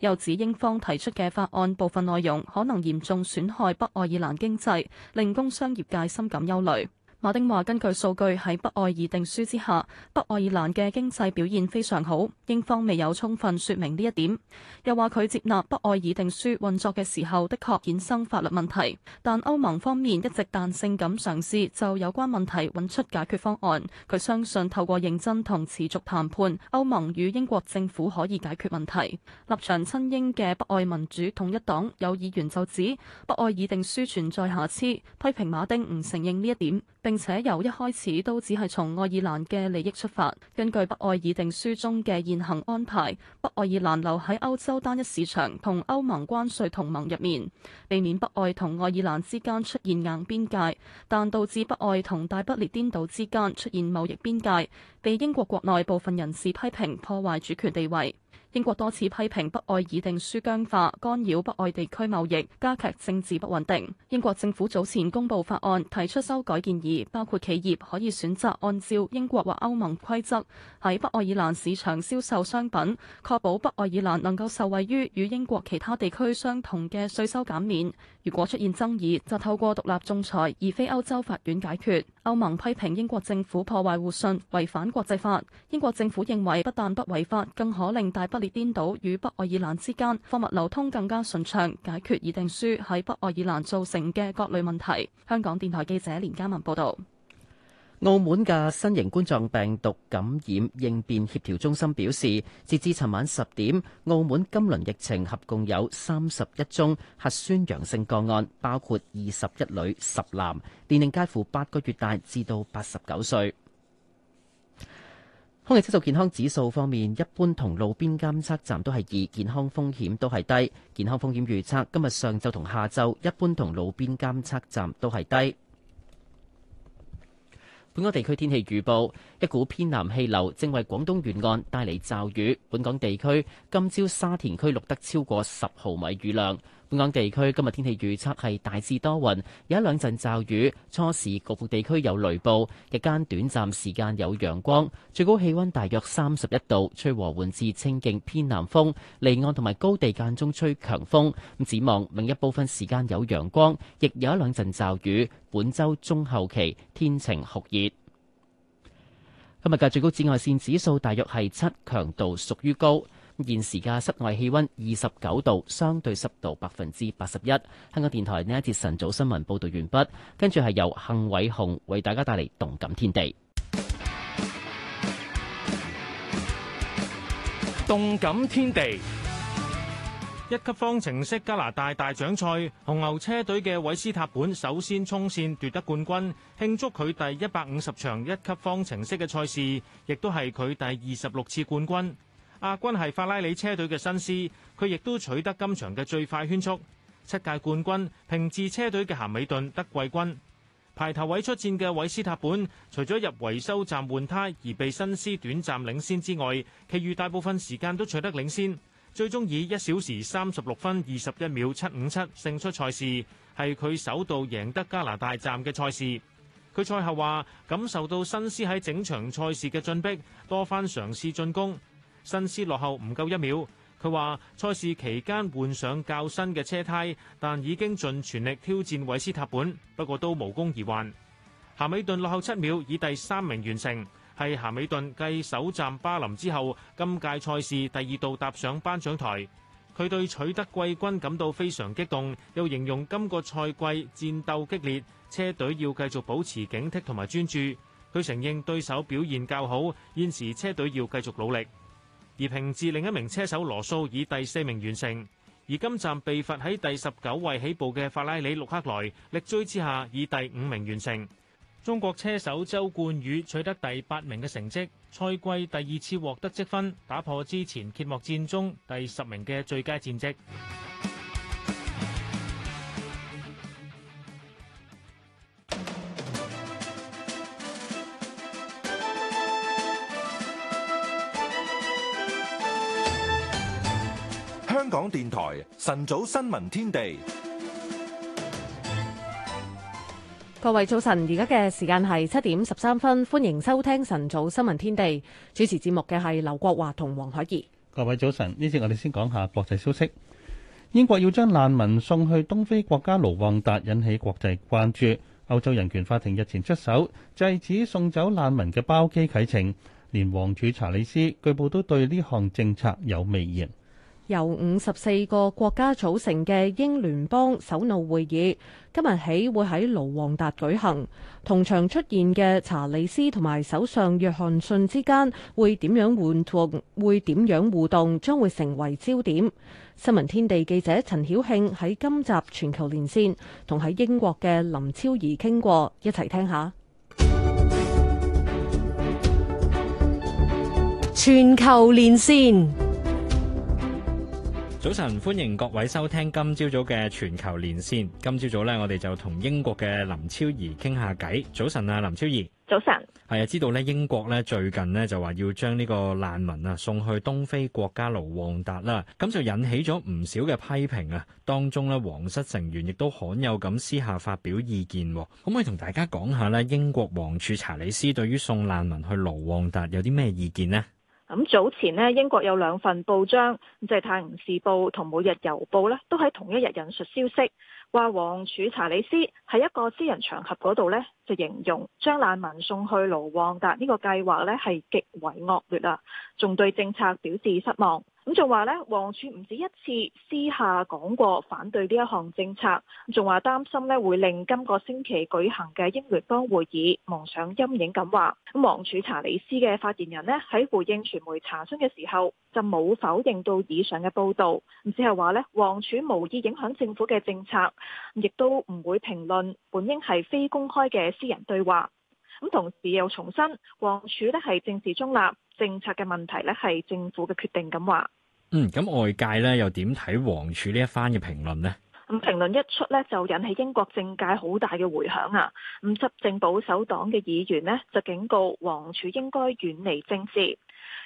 又指英方提出嘅法案部分內容可能嚴重損害北愛爾蘭經濟，令工商業界深感憂慮。馬丁話，根據數據，喺北愛爾蘭定書之下，北愛爾蘭嘅經濟表現非常好，英方未有充分說明呢一點。又話佢接納北愛爾蘭定書運作嘅時候的確衍生法律問題，但歐盟方面一直彈性咁嘗試就有關問題揾出解決方案。佢相信透過認真同持續談判，歐盟與英國政府可以解決問題。立場親英嘅北愛民主統一黨有議員就指北愛爾蘭定書存在瑕疵，批評馬丁唔承認呢一點。並且由一開始都只係從愛爾蘭嘅利益出發。根據北愛議定書中嘅現行安排，北愛爾蘭留喺歐洲單一市場同歐盟關稅同盟入面，避免北愛同愛爾蘭之間出現硬邊界，但導致北愛同大不列顛島之間出現貿易邊界，被英國國內部分人士批評破壞主權地位。英國多次批評北愛爾蘭議定書僵化，干擾北愛地區貿易，加劇政治不穩定。英國政府早前公布法案，提出修改建議，包括企業可以選擇按照英國或歐盟規則喺北愛爾蘭市場銷售商品，確保北愛爾蘭能夠受惠於與英國其他地區相同嘅稅收減免。如果出現爭議，就透過獨立仲裁，而非歐洲法院解決。歐盟批評英國政府破壞互信，違反國際法。英國政府認為不但不違法，更可令大不列顛島與北愛爾蘭之間貨物流通更加順暢，解決議定書喺北愛爾蘭造成嘅各類問題。香港電台記者連嘉文報道。澳門嘅新型冠狀病毒感染應變協調中心表示，截至尋晚十點，澳門今輪疫情合共有三十一宗核酸陽性個案，包括二十一女十男，年齡介乎八個月大至到八十九歲。空氣質素健康指數方面，一般同路邊監測站都係二，健康風險都係低。健康風險預測今日上晝同下晝，一般同路邊監測站都係低。本港地區天氣預報，一股偏南氣流正為廣東沿岸帶嚟驟雨。本港地區今朝沙田區錄得超過十毫米雨量。本港地區今日天氣預測係大致多雲，有一兩陣驟雨，初時局部地區有雷暴，日間短暫時間有陽光，最高氣溫大約三十一度，吹和緩至清勁偏南風，離岸同埋高地間中吹強風。咁展望明日部分時間有陽光，亦有一兩陣驟雨。本周中後期天晴酷熱。今日嘅最高紫外線指數大約係七，強度屬於高。現時嘅室外氣溫二十九度，相對濕度百分之八十一。香港電台呢一節晨早新聞報道完畢，跟住係由幸偉雄為大家帶嚟動感天地。動感天地，一級方程式加拿大大獎賽，紅牛車隊嘅韋斯塔本首先衝線奪得冠軍，慶祝佢第一百五十場一級方程式嘅賽事，亦都係佢第二十六次冠軍。亞軍係法拉利車隊嘅新斯，佢亦都取得今場嘅最快圈速。七屆冠軍，平治車隊嘅咸美頓得季軍。排頭位出戰嘅韋斯塔本，除咗入維修站換胎而被新斯短暫領先之外，其餘大部分時間都取得領先，最終以一小時三十六分二十一秒七五七勝出賽事，係佢首度贏得加拿大站嘅賽事。佢賽後話，感受到新斯喺整場賽事嘅進逼，多番嘗試進攻。新胎落後唔夠一秒，佢話賽事期間換上較新嘅車胎，但已經盡全力挑戰韋斯塔本，不過都無功而還。咸美頓落後七秒，以第三名完成，係咸美頓繼首站巴林之後，今屆賽事第二度踏上頒獎台。佢對取得季軍感到非常激動，又形容今個賽季戰鬥激烈，車隊要繼續保持警惕同埋專注。佢承認對手表現較好，現時車隊要繼續努力。而平治另一名車手羅素以第四名完成，而今站被罰喺第十九位起步嘅法拉利陸克萊力追之下以第五名完成。中國車手周冠宇取得第八名嘅成績，賽季第二次獲得積分，打破之前揭幕戰中第十名嘅最佳戰績。香港電台晨早新聞天地，各位早晨，而家嘅時間係七點十三分，歡迎收聽晨早新聞天地。主持節目嘅係劉國華同黃海怡。各位早晨，呢次我哋先講下國際消息。英國要將難民送去東非國家盧旺達，引起國際關注。歐洲人權法庭日前出手制止送走難民嘅包機啟程，連王儲查理斯據報都對呢項政策有微言。由五十四個國家組成嘅英聯邦首腦會議，今日起會喺盧旺達舉行。同場出現嘅查理斯同埋首相約翰遜之間會點樣互動？會點樣互動？將會成為焦點。新聞天地記者陳曉慶喺今集全球連線，同喺英國嘅林超儀傾過，一齊聽一下。全球連線。早晨，歡迎各位收聽今朝早嘅全球連線。今朝早咧，我哋就同英國嘅林超儀傾下偈。早晨啊，林超儀。早晨。係晨啊，知道咧，英國咧最近呢就話要將呢個難民啊送去東非國家盧旺達啦，咁就引起咗唔少嘅批評啊。當中咧，皇室成員亦都罕有咁私下發表意見。啊、可唔可以同大家講下咧？英國王儲查理斯對於送難民去盧旺達有啲咩意見呢？咁早前呢，英國有兩份報章，即係《泰晤士報》同《每日郵報》呢，都喺同一日引述消息，話王儲查理斯喺一個私人場合嗰度呢，就形容將難民送去盧旺達呢個計劃呢，係極為惡劣啊，仲對政策表示失望。咁仲話咧，王儲唔止一次私下講過反對呢一項政策，仲話擔心咧會令今個星期舉行嘅英聯邦會議蒙上陰影。咁話，咁王儲查理斯嘅發言人咧喺回應傳媒查詢嘅時候就冇否認到以上嘅報道，咁只係話咧，王儲無意影響政府嘅政策，亦都唔會評論本應係非公開嘅私人對話。咁同時又重申，王儲咧係政治中立，政策嘅問題咧係政府嘅決定。咁話。嗯，咁外界呢又點睇王儲呢一番嘅評論呢？咁評論一出呢，就引起英國政界好大嘅回響啊！咁、嗯、執政保守黨嘅議員呢，就警告王儲應該遠離政治。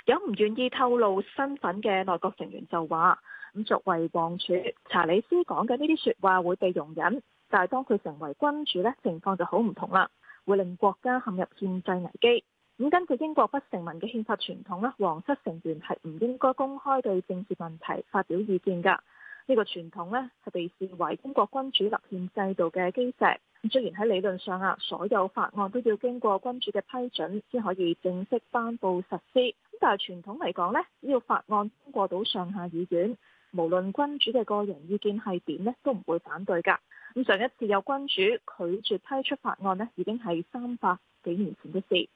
有唔願意透露身份嘅內閣成員就話：咁、嗯、作為王儲，查理斯講嘅呢啲說話會被容忍，但係當佢成為君主呢，情況就好唔同啦，會令國家陷入憲制危機。咁根據英國不成文嘅憲法傳統咧，皇室成員係唔應該公開對政治問題發表意見噶。呢個傳統咧係被視為英國君主立憲制度嘅基石。雖然喺理論上啊，所有法案都要經過君主嘅批准先可以正式頒布實施。咁但係傳統嚟講呢，只要法案經過到上下議院，無論君主嘅個人意見係點咧，都唔會反對噶。咁上一次有君主拒絕批出法案咧，已經係三百幾年前嘅事。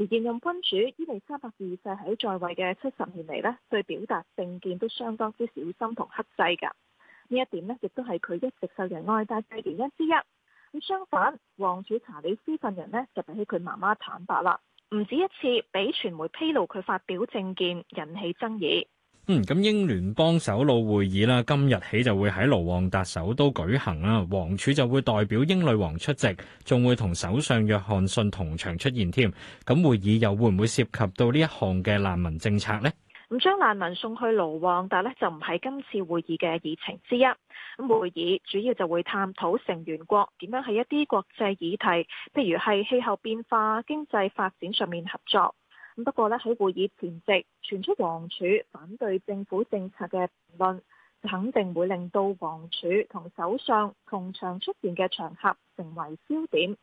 而現任君主伊利沙伯二世喺在，在位嘅七十年嚟咧，對表達政見都相當之小心同克制㗎。呢一點呢，亦都係佢一直受人愛戴嘅原因之一。咁相反，王儲查理斯份人呢，就比起佢媽媽坦白啦，唔止一次俾傳媒披露佢發表政見引起爭議。嗯，咁英聯邦首腦會議啦，今日起就會喺盧旺達首都舉行啦。王儲就會代表英女王出席，仲會同首相約翰遜同場出現添。咁會議又會唔會涉及到呢一項嘅難民政策呢？咁將難民送去盧旺達呢，就唔係今次會議嘅議程之一。咁會議主要就會探討成員國點樣喺一啲國際議題，譬如係氣候變化、經濟發展上面合作。不過咧，喺會議前夕傳出王儲反對政府政策嘅評論，肯定會令到王儲同首相同場出現嘅場合成為焦點。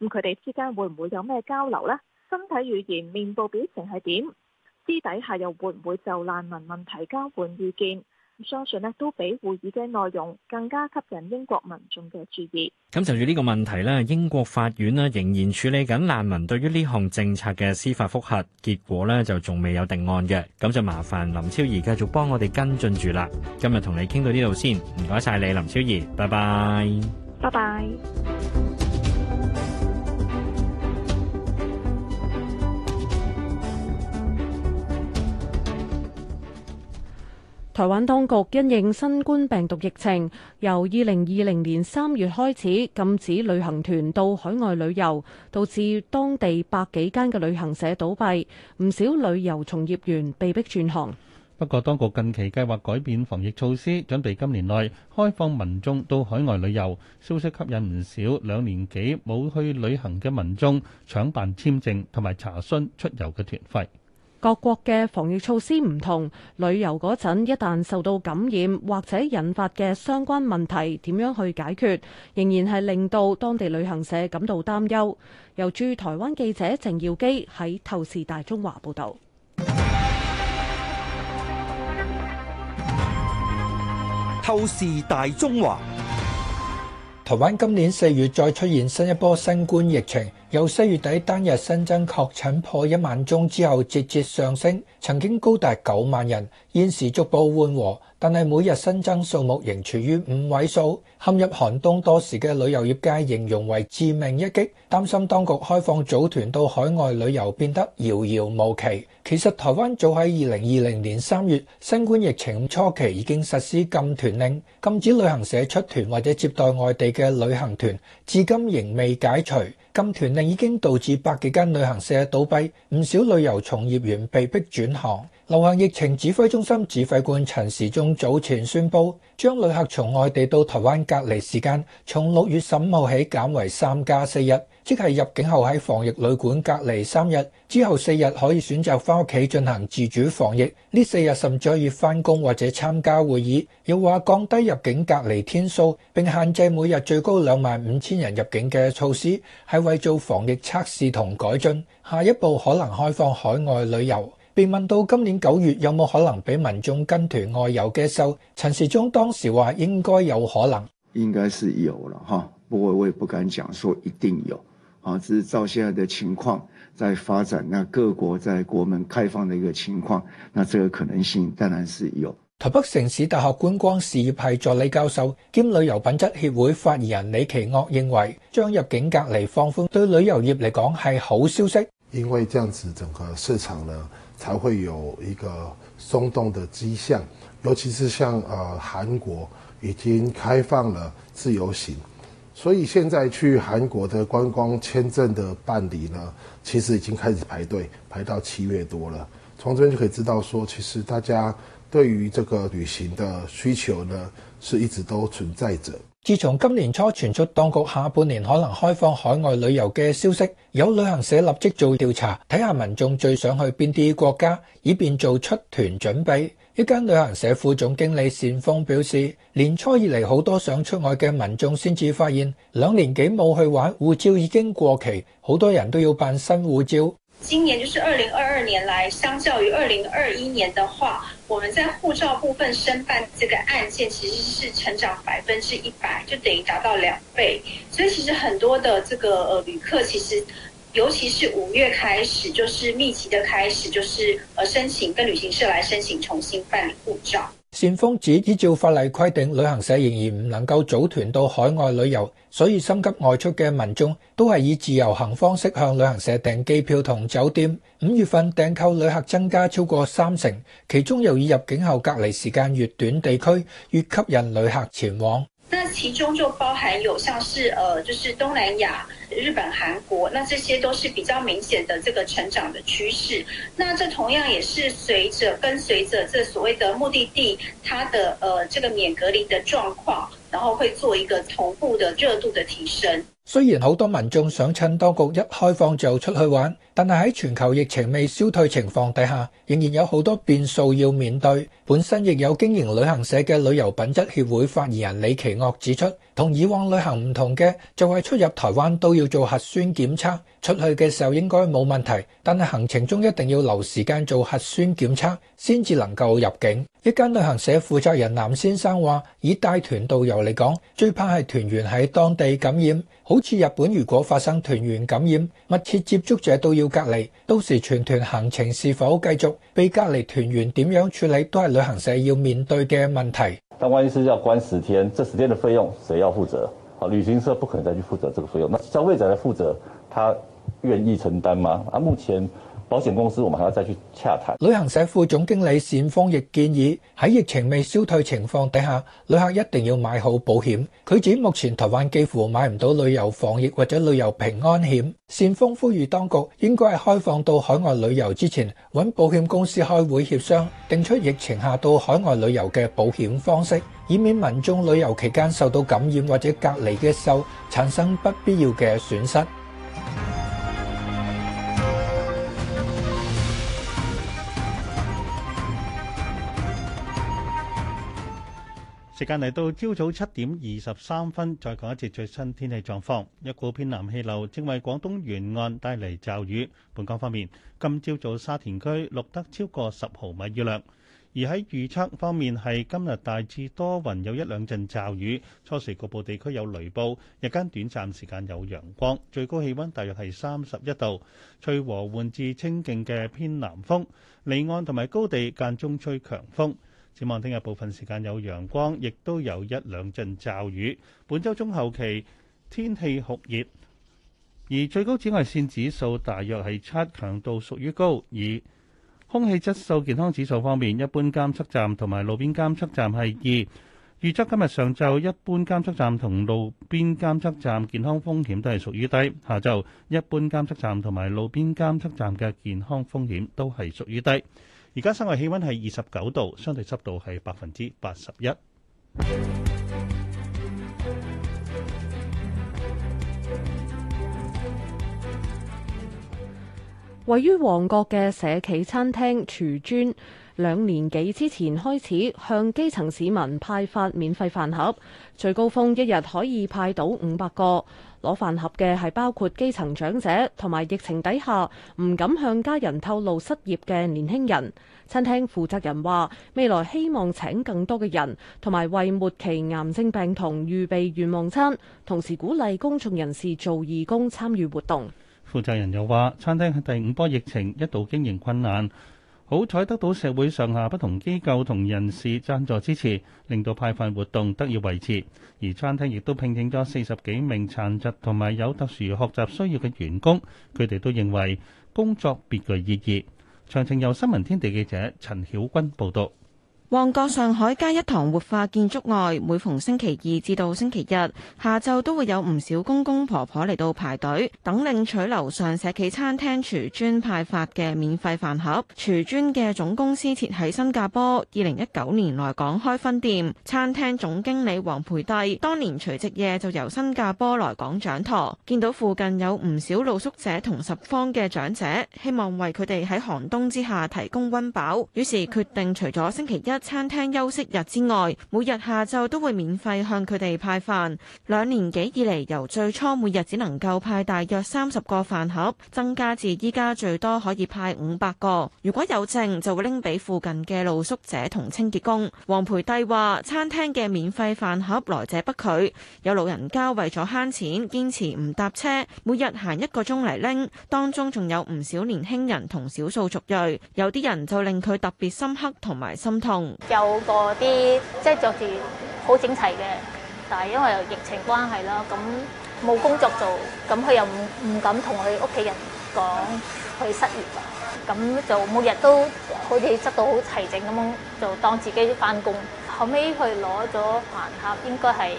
咁佢哋之間會唔會有咩交流呢？身體語言、面部表情係點？私底下又會唔會就難民問題交換意見？相信呢都比會議嘅內容更加吸引英國民眾嘅注意。咁就住呢個問題呢，英國法院呢仍然處理緊難民對於呢項政策嘅司法覆核，結果呢就仲未有定案嘅。咁就麻煩林超儀繼續幫我哋跟進住啦。今日同你傾到呢度先，唔該晒你，林超儀，拜拜，拜拜。台灣當局因應新冠病毒疫情，由2020年3月開始，禁止旅行團到海外旅遊，導致當地百幾間嘅旅行社倒閉，唔少旅遊從業員被迫轉行。不過當局近期計劃改變防疫措施，準備今年內開放民眾到海外旅遊，消息吸引唔少，兩年幾冇去旅行嘅民眾，搶辦簽證同埋查詢出遊嘅團費。各國嘅防疫措施唔同，旅遊嗰陣一旦受到感染或者引發嘅相關問題，點樣去解決，仍然係令到當地旅行社感到擔憂。由駐台灣記者鄭耀基喺《透視大中華》報道。《透視大中華》，台灣今年四月再出現新一波新冠疫情。由四月底單日新增確診破一萬宗之後節節上升，曾經高達九萬人，現時逐步緩和，但係每日新增數目仍處於五位數，陷入寒冬多時嘅旅遊業界形容為致命一擊，擔心當局開放組團到海外旅遊變得遙遙無期。其實台灣早喺二零二零年三月新冠疫情初期已經實施禁團令，禁止旅行社出團或者接待外地嘅旅行團，至今仍未解除。禁團令已經導致百幾間旅行社倒閉，唔少旅遊從業員被迫轉行。流行疫情指揮中心指揮官陳時中早前宣布，將旅客從外地到台灣隔離時間從六月十五號起減為三加四日。即係入境後喺防疫旅館隔離三日之後，四日可以選擇翻屋企進行自主防疫，呢四日甚至可以翻工或者參加會議。又話降低入境隔離天數並限制每日最高兩萬五千人入境嘅措施係為做防疫測試同改進下一步可能開放海外旅遊。被問到今年九月有冇可能俾民眾跟團外遊嘅時候，陳時中當時話，應該有可能，應該是有了哈，不過我也不敢講說一定有。啊！至於照現在的情況在發展，那各國在國門開放的一個情況，那這個可能性，當然是有。台北城市大學觀光事業系助理教授兼旅遊品質協會發言人李奇岳認為，將入境隔離放寬對旅遊業嚟講係好消息。因為這樣子整個市場呢，才會有一個鬆動的跡象，尤其是像呃韓國已經開放了自由行。所以現在去韓國的觀光簽證的辦理呢，其實已經開始排隊，排到七月多了。從這邊就可以知道，說其實大家對於這個旅行的需求呢，是一直都存在着。自從今年初傳出當局下半年可能開放海外旅遊嘅消息，有旅行社立即做調查，睇下民眾最想去邊啲國家，以便做出團準備。一間旅行社副總經理善峰表示：年初以嚟，好多想出外嘅民眾先至發現，兩年幾冇去玩，護照已經過期，好多人都要辦新護照。今年就是二零二二年來，相較於二零二一年的話，我們在護照部分申辦這個案件，其實是成長百分之一百，就等於達到兩倍。所以其實很多的這個旅客，其實。尤其是五月開始，就是密集的開始，就是申請跟旅行社來申請重新辦理護照。善峰指依照法例規定，旅行社仍然唔能夠組團到海外旅游，所以心急外出嘅民眾都係以自由行方式向旅行社訂機票同酒店。五月份訂購旅客增加超過三成，其中由於入境後隔離時間越短地，地區越吸引旅客前往。那其中就包含有，像是，呃，就是東南亞、日本、韓國，那這些都是比較明顯的這個成長的趨勢。那這同樣也是隨着跟隨着這所謂的目的地，它的，呃，這個免隔離的狀況，然後會做一個同步的熱度的提升。雖然好多民眾想趁當局一開放就出去玩。但係喺全球疫情未消退情況底下，仍然有好多變數要面對。本身亦有經營旅行社嘅旅遊品質協會發言人李奇岳指出，同以往旅行唔同嘅就係出入台灣都要做核酸檢測，出去嘅時候應該冇問題，但係行程中一定要留時間做核酸檢測先至能夠入境。一間旅行社負責人南先生話，以帶團導遊嚟講，最怕係團員喺當地感染，好似日本如果發生團員感染，密切接觸者都要。隔離都是全團行程是否繼續？被隔離團員點樣處理都係旅行社要面對嘅問題。但萬一是要關十天，這十天的費用誰要負責？啊，旅行社不可能再去負責這個費用，那消費者嚟負責，他願意承擔嗎？啊，目前。保險公司，我們還要再去洽談。旅行社副總經理善峰亦建議，喺疫情未消退情況底下，旅客一定要買好保險，佢指目前台灣幾乎買唔到旅遊防疫或者旅遊平安險。善峰呼籲當局應該係開放到海外旅遊之前，揾保險公司開會協商，定出疫情下到海外旅遊嘅保險方式，以免民眾旅遊期間受到感染或者隔離嘅時候，產生不必要嘅損失。時間嚟到朝早七點二十三分，再講一次最新天氣狀況。一股偏南氣流正為廣東沿岸帶嚟驟雨。本港方面，今朝早沙田區錄得超過十毫米雨量。而喺預測方面，係今日大致多雲，有一兩陣驟雨，初時局部地區有雷暴，日間短暫時間有陽光，最高氣温大約係三十一度。吹和緩至清勁嘅偏南風，離岸同埋高地間中吹強風。展望聽日部分時間有陽光，亦都有一兩陣驟雨。本周中後期天氣酷熱，而最高紫外綫指數大約係七，強度屬於高。而空氣質素健康指數方面，一般監測站同埋路邊監測站係二。預測今日上晝一般監測站同路邊監測站健康風險都係屬於低。下晝一般監測站同埋路邊監測站嘅健康風險都係屬於低。而家室外氣溫係二十九度，相對濕度係百分之八十一。位於旺角嘅社企餐廳廚尊，兩年幾之前開始向基層市民派發免費飯盒，最高峰一日可以派到五百個。攞飯盒嘅係包括基層長者同埋疫情底下唔敢向家人透露失業嘅年輕人。餐廳負責人話：未來希望請更多嘅人，同埋為末期癌症病童預備願望餐，同時鼓勵公眾人士做義工參與活動。負責人又話：餐廳喺第五波疫情一度經營困難。好彩得到社會上下不同機構同人士贊助支持，令到派飯活動得以維持。而餐廳亦都聘請咗四十幾名殘疾同埋有特殊學習需要嘅員工，佢哋都認為工作別具意義。詳情由新聞天地記者陳曉君報道。旺角上海街一堂活化建築外，每逢星期二至到星期日下晝都會有唔少公公婆婆嚟到排隊等領取樓上社企餐廳廚專派發嘅免費飯盒。廚專嘅總公司設喺新加坡，二零一九年來港開分店。餐廳總經理黃培蒂，當年除夕夜就由新加坡來港掌舵，見到附近有唔少露宿者同拾荒嘅長者，希望為佢哋喺寒冬之下提供溫飽，於是決定除咗星期一，喺餐廳休息日之外，每日下晝都會免費向佢哋派飯。兩年幾以嚟，由最初每日只能夠派大約三十個飯盒，增加至依家最多可以派五百個。如果有剩，就會拎俾附近嘅露宿者同清潔工。黃培弟話，餐廳嘅免費飯盒來者不拒，有老人家為咗慳錢，堅持唔搭車，每日行一個鐘嚟拎。當中仲有唔少年輕人同少數族裔，有啲人就令佢特別深刻同埋心痛。有個啲即係着住好整齊嘅，但係因為疫情關係啦，咁冇工作做，咁佢又唔唔敢同佢屋企人講佢失業啊，咁就每日都好似執到好齊整咁樣，就當自己翻工。後尾佢攞咗飯盒，應該係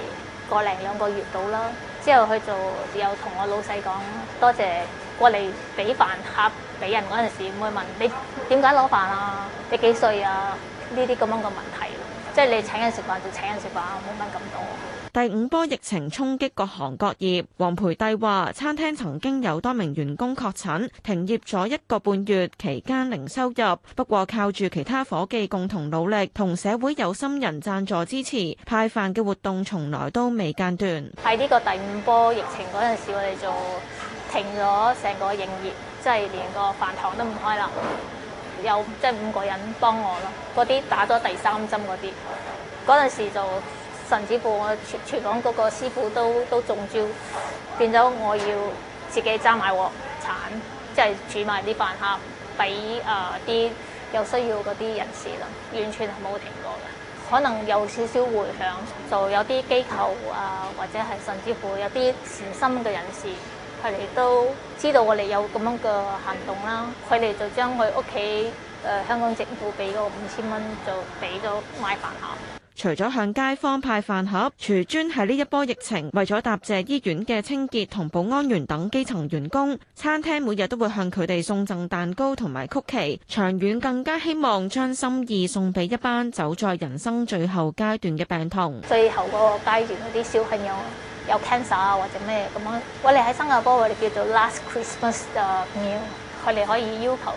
個零兩個月到啦。之後佢就又同我老細講多謝過。嚟俾飯盒俾人嗰陣時，唔會問你點解攞飯啊？你幾歲啊？呢啲咁樣嘅問題，即係你請人食飯就請人食飯，唔好問咁多。第五波疫情衝擊各行各業，黃培帝話：餐廳曾經有多名員工確診，停業咗一個半月，期間零收入。不過靠住其他伙計共同努力，同社會有心人贊助支持，派飯嘅活動從來都未間斷。喺呢個第五波疫情嗰陣時，我哋就停咗成個營業，即係連個飯堂都唔開啦。有即係五個人幫我咯，嗰啲打咗第三針嗰啲，嗰陣時就甚至乎我廚廚房嗰個師傅都都中招，變咗我要自己揸埋鑊鏟，即係煮埋啲飯盒俾誒啲有需要嗰啲人士咯，完全係冇停過嘅，可能有少少回響，就有啲機構啊、呃，或者係甚至乎有啲善心嘅人士。佢哋都知道我哋有咁樣嘅行動啦，佢哋就將佢屋企誒香港政府俾嗰五千蚊就俾咗買飯盒。除咗向街坊派飯盒，廚專喺呢一波疫情為咗答謝醫院嘅清潔同保安員等基層員工，餐廳每日都會向佢哋送贈蛋糕同埋曲奇。長遠更加希望將心意送俾一班走在人生最後階段嘅病童。最後嗰個階段嗰啲小朋友。有 cancer 啊或者咩咁樣，我哋喺新加坡我哋叫做 Last Christmas 嘅、uh, meal，佢哋可以要求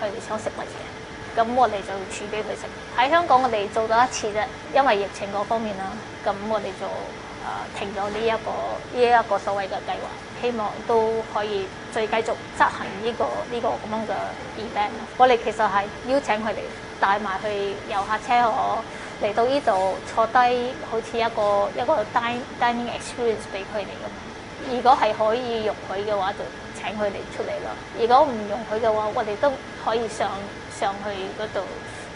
佢哋想食乜嘢，咁我哋就煮俾佢食。喺香港我哋做咗一次啫，因為疫情嗰方面啦，咁我哋就啊、呃、停咗呢一個呢一個所謂嘅計劃，希望都可以再繼續執行呢、這個呢、這個咁樣嘅 event。我哋其實係邀請佢哋帶埋去遊下車河。嚟到呢度坐低，好似一個一個單 dining experience 俾佢哋咁。如果係可以容許嘅話，就請佢哋出嚟咯。如果唔容許嘅話，我哋都可以上上去度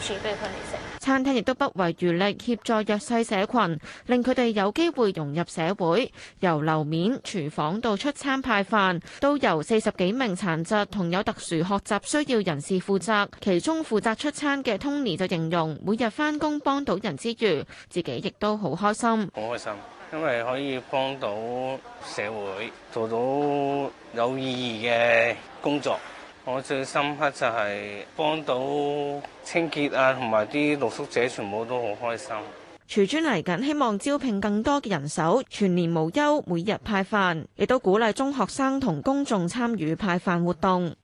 煮俾佢哋食。餐廳亦都不遺餘力協助弱勢社群，令佢哋有機會融入社會。由樓面、廚房到出餐派飯，都由四十幾名殘疾同有特殊學習需要人士負責。其中負責出餐嘅 Tony 就形容，每日返工幫到人之餘，自己亦都好開心。好開心，因為可以幫到社會，做到有意義嘅工作。我最深刻就係幫到清潔啊，同埋啲露宿者，全部都好開心。廚尊嚟緊，希望招聘更多嘅人手，全年無休，每日派飯，亦都鼓勵中學生同公眾參與派飯活動。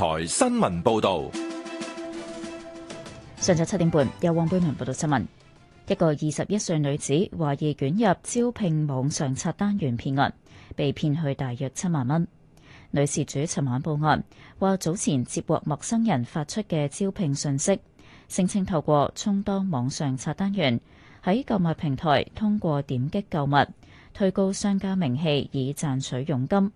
台新聞報導，上晝七點半，有汪貝文報道新聞。一個二十一歲女子懷疑捲入招聘網上刷單員騙案，被騙去大約七萬蚊。女事主尋晚報案，話早前接獲陌生人發出嘅招聘信息，聲稱透過充當網上刷單員喺購物平台通過點擊購物推高商家名氣，以賺取佣金。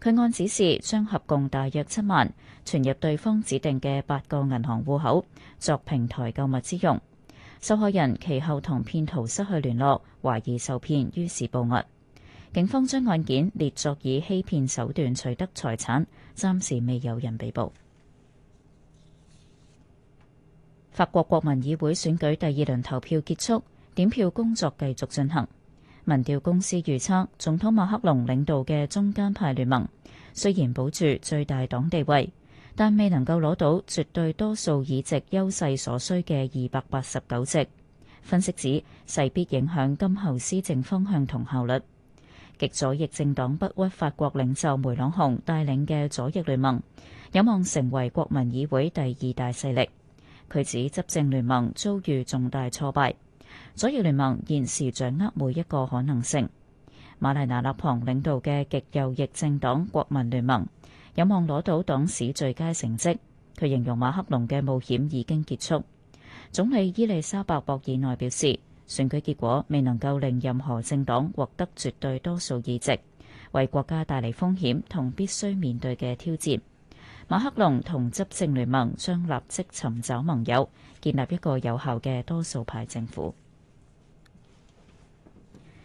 佢按指示將合共大約七萬存入對方指定嘅八個銀行戶口，作平台購物之用。受害人其後同騙徒失去聯絡，懷疑受騙，於是報案。警方將案件列作以欺騙手段取得財產，暫時未有人被捕。法國國民議會選舉第二輪投票結束，點票工作繼續進行。民調公司預測，總統馬克龍領導嘅中間派聯盟雖然保住最大黨地位。但未能夠攞到絕對多數議席優勢所需嘅二百八十九席，分析指勢必影響今後施政方向同效率。極左翼政黨不屈法國領袖梅朗雄帶領嘅左翼聯盟有望成為國民議會第二大勢力。佢指執政聯盟遭遇重大挫敗，左翼聯盟現時掌握每一個可能性。馬麗娜立旁領導嘅極右翼政黨國民聯盟。有望攞到黨史最佳成績。佢形容馬克龍嘅冒險已經結束。總理伊麗莎白博爾內表示，選舉結果未能夠令任何政黨獲得絕對多數議席，為國家帶嚟風險同必須面對嘅挑戰。馬克龍同執政聯盟將立即尋找盟友，建立一個有效嘅多數派政府。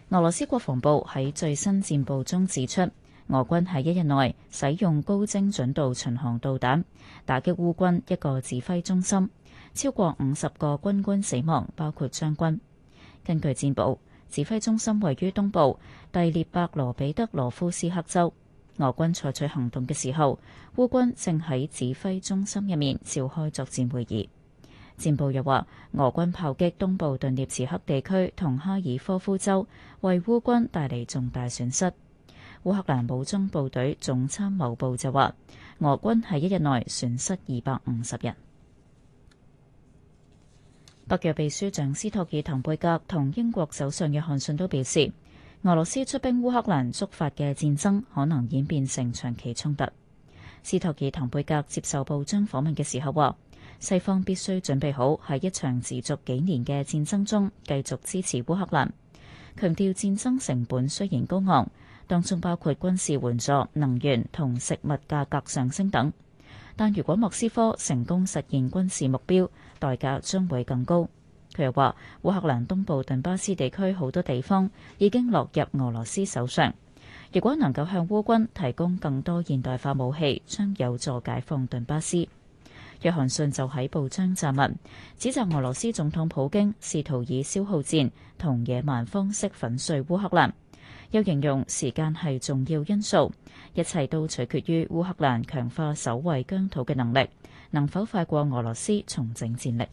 俄羅斯國防部喺最新戰報中指出，俄軍喺一日內使用高精準度巡航導彈打擊烏軍一個指揮中心，超過五十個軍官死亡，包括將軍。根據戰報，指揮中心位於東部第聶伯羅彼得羅夫斯克州。俄軍採取行動嘅時候，烏軍正喺指揮中心入面召開作戰會議。戰報又話，俄軍炮擊東部頓涅茨克地區同哈爾科夫州，為烏軍帶嚟重大損失。烏克蘭武裝部隊總參謀部就話，俄軍喺一日內損失二百五十人。北約秘書長斯托爾滕貝格同英國首相約翰遜都表示，俄羅斯出兵烏克蘭觸發嘅戰爭可能演變成長期衝突。斯托爾滕貝格接受報章訪問嘅時候話，西方必須準備好喺一場持續幾年嘅戰爭中繼續支持烏克蘭，強調戰爭成本雖然高昂，當中包括軍事援助、能源同食物價格上升等。但如果莫斯科成功實現軍事目標，代價將會更高。佢又話：烏克蘭東部頓巴斯地區好多地方已經落入俄羅斯手上。如果能夠向烏軍提供更多現代化武器，將有助解放頓巴斯。約翰遜就喺報章撰文，指責俄羅斯總統普京試圖以消耗戰同野蠻方式粉碎烏克蘭。又形容時間係重要因素，一切都取決於烏克蘭強化守衛疆土嘅能力，能否快過俄羅斯重整戰力。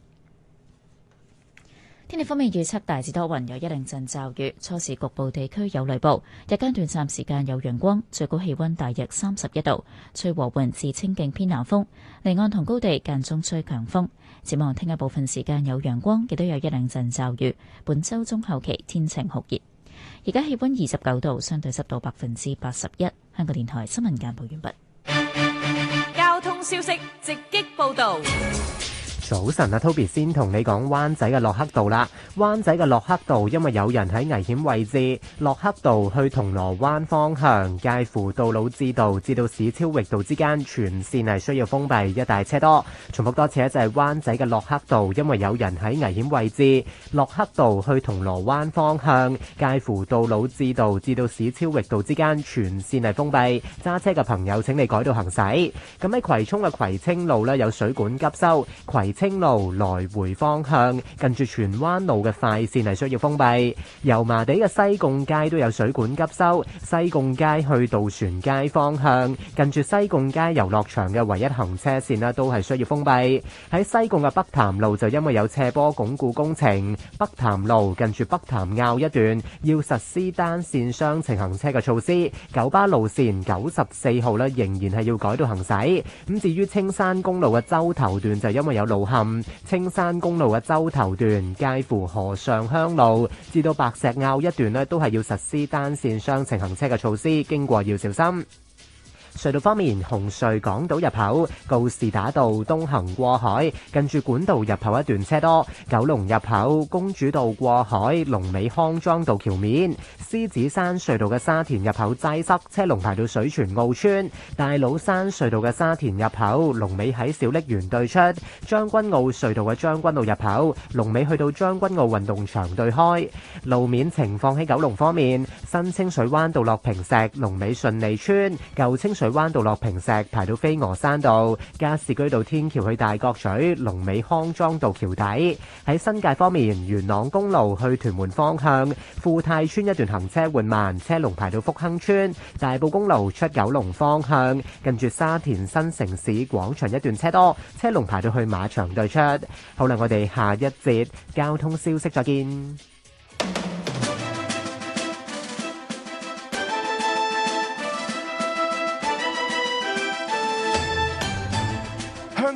天氣方面預測大致多雲，有一兩陣驟雨，初時局部地區有雷暴。日間短暫時間有陽光，最高氣溫大約三十一度，吹和緩至清勁偏南風，離岸同高地間中吹強風。展望聽日部分時間有陽光，亦都有一兩陣驟雨。本周中後期天晴酷熱。而家氣溫二十九度，相對濕度百分之八十一。香港電台新聞簡報完畢。交通消息直擊報導。早晨啊，Toby 先同你講灣仔嘅洛克道啦。灣仔嘅洛克道因為有人喺危險位置，洛克道去銅鑼灣方向，介乎杜老誌道至到史釗域道之間全綫係需要封閉，一大車多。重複多次啊，就係灣仔嘅洛克道因為有人喺危險位置，洛克道去銅鑼灣方向，介乎杜老誌道至到史釗域道之間全綫係封閉，揸車嘅朋友請你改道行駛。咁喺葵涌嘅葵青路咧有水管急修。葵。青路來回方向，近住荃灣路嘅快線係需要封閉。油麻地嘅西貢街都有水管急修，西貢街去渡船街方向，近住西貢街遊樂場嘅唯一行車線啦，都係需要封閉。喺西貢嘅北潭路就因為有斜坡鞏固工程，北潭路近住北潭坳一段要實施單線雙程行車嘅措施。九巴路線九十四號咧仍然係要改道行駛。咁至於青山公路嘅洲頭段就因為有路。冚青山公路嘅洲頭段，介乎河上鄉路至到白石坳一段呢，都係要實施單線雙程行車嘅措施，經過要小心。隧道方面，紅隧港島入口告士打道東行過海，近住管道入口一段車多；九龍入口公主道過海，龍尾康莊道橋面；獅子山隧道嘅沙田入口擠塞，車龍排到水泉澳村；大老山隧道嘅沙田入口龍尾喺小瀝源對出；將軍澳隧道嘅將軍澳入口龍尾去到將軍澳運動場對開。路面情況喺九龍方面，新清水灣道樂平石龍尾順利村，舊清水水灣道落坪石，排到飛鵝山道；加士居道天橋去大角咀，龍尾康莊道橋底。喺新界方面，元朗公路去屯門方向，富泰村一段行車緩慢，車龍排到福亨村；大埔公路出九龍方向，近住沙田新城市廣場一段車多，車龍排到去馬場對出。好啦，我哋下一節交通消息再見。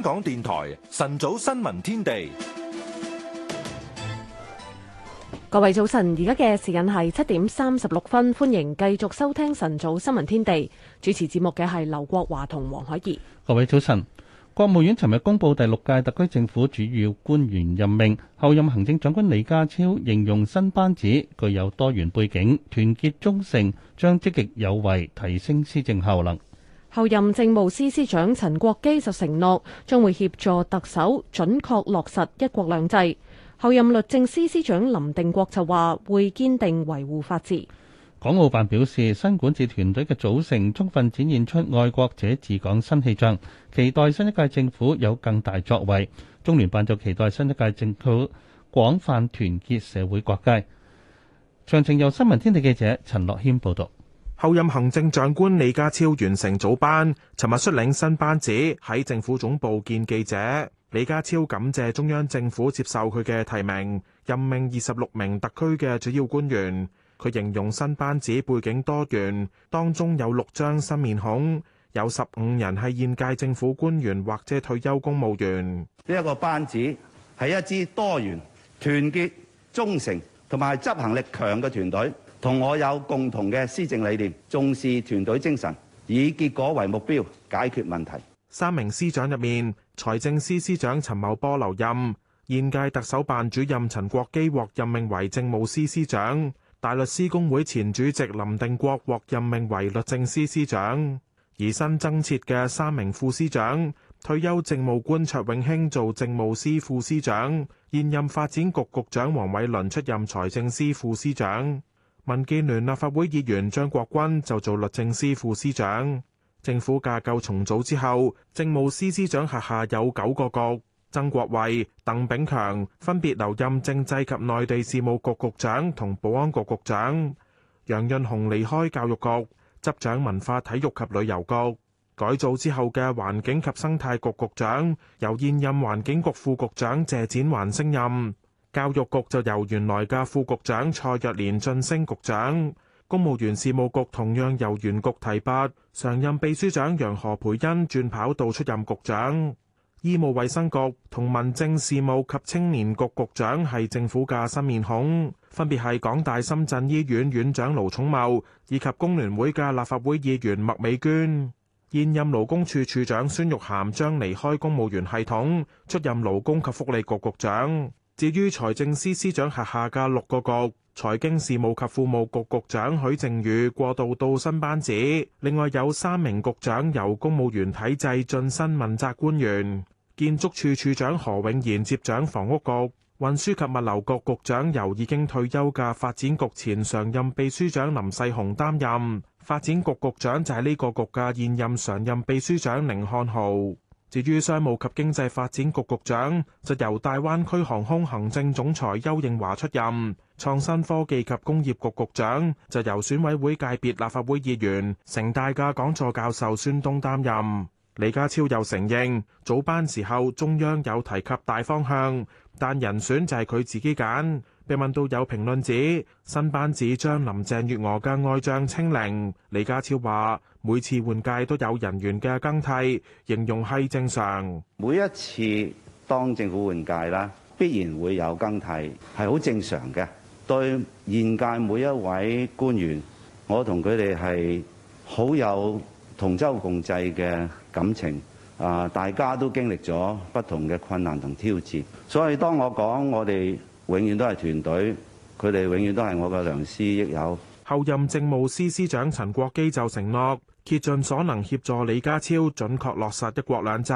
港電台晨早新聞天地，各位早晨，而家嘅時間係七點三十六分，歡迎繼續收聽晨早新聞天地。主持節目嘅係劉國華同黃海怡。各位早晨，國務院尋日公布第六屆特區政府主要官員任命，候任行政長官李家超形容新班子具有多元背景，團結忠誠，將積極有為，提升施政效能。候任政務司司長陳國基就承諾將會協助特首準確落實一國兩制。候任律政司司長林定國就話會堅定維護法治。港澳辦表示，新管治團隊嘅組成充分展現出愛國者治港新氣象，期待新一屆政府有更大作為。中聯辦就期待新一屆政府廣泛團結社會各界。詳情由新聞天地記者陳樂謙報道。候任行政長官李家超完成組班，尋日率領新班子喺政府總部見記者。李家超感謝中央政府接受佢嘅提名，任命二十六名特區嘅主要官員。佢形容新班子背景多元，當中有六張新面孔，有十五人係現屆政府官員或者退休公務員。呢一個班子係一支多元、團結、忠誠同埋執行力強嘅團隊。同我有共同嘅施政理念，重視團隊精神，以結果為目標解決問題。三名司長入面，財政司司長陳茂波留任，現屆特首辦主任陳國基獲任命為政務司司長，大律師公會前主席林定國獲任命為律政司司長，而新增設嘅三名副司長，退休政務官卓永興做政務司副司長，現任發展局局,局長黃偉倫出任財政司副司長。民建聯立法會議員張國鈞就做律政司副司長。政府架構重組之後，政務司司長轄下有九個局，曾國衛、鄧炳強分別留任政制及內地事務局局長同保安局局長。楊潤雄離開教育局，執掌文化體育及旅遊局。改造之後嘅環境及生態局局長由現任環境局副局長謝展寰升任。教育局就由原來嘅副局長蔡若蓮晉升局長，公務員事務局同樣由原局提拔，常任秘書長楊何蓓茵轉跑道出任局長。醫務衛生局同民政事務及青年局局長係政府嘅新面孔，分別係港大深圳醫院院長盧寵茂以及工聯會嘅立法會議員麥美娟。現任勞工處處長孫玉菡將離開公務員系統，出任勞工及福利局局長。至於財政司司長轄下嘅六個局，財經事務及庫務局局長許正宇過渡到新班子，另外有三名局長由公務員體制晉身問責官員，建築處處長何永賢接掌房屋局，運輸及物流局局長由已經退休嘅發展局前常任秘書長林世雄擔任，發展局局長就係呢個局嘅現任常任秘書長甯漢豪。至於商務及經濟發展局局長就由大灣區航空行政總裁邱應華出任，創新科技及工業局局長就由選委會界別立法會議員、城大嘅講座教授孫東擔任。李家超又承認早班時候中央有提及大方向，但人選就係佢自己揀。被問到有評論指新班子將林鄭月娥嘅愛將清零，李家超話。每次換屆都有人員嘅更替，形容係正常。每一次當政府換屆啦，必然會有更替，係好正常嘅。對現屆每一位官員，我同佢哋係好有同舟共濟嘅感情。啊，大家都經歷咗不同嘅困難同挑戰，所以當我講我哋永遠都係團隊，佢哋永遠都係我嘅良師益友。候任政務司司長陳國基就承諾。竭盡所能協助李家超準確落實一國兩制。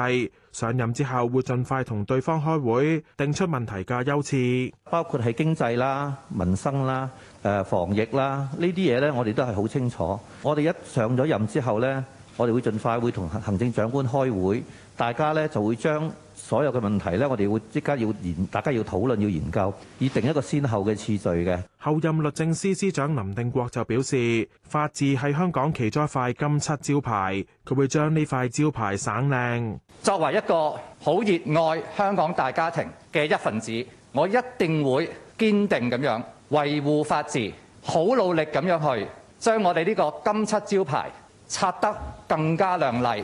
上任之後會盡快同對方開會，定出問題嘅優次，包括係經濟啦、民生啦、誒、呃、防疫啦，呢啲嘢咧，我哋都係好清楚。我哋一上咗任之後咧，我哋會盡快會同行政長官開會，大家咧就會將。所有嘅問題咧，我哋會即刻要研，大家要討論、要研究，以定一個先後嘅次序嘅。後任律政司司長林定國就表示，法治係香港其中一塊金漆招牌，佢會將呢塊招牌省靚。作為一個好熱愛香港大家庭嘅一份子，我一定會堅定咁樣維護法治，好努力咁樣去將我哋呢個金漆招牌擦得更加亮麗。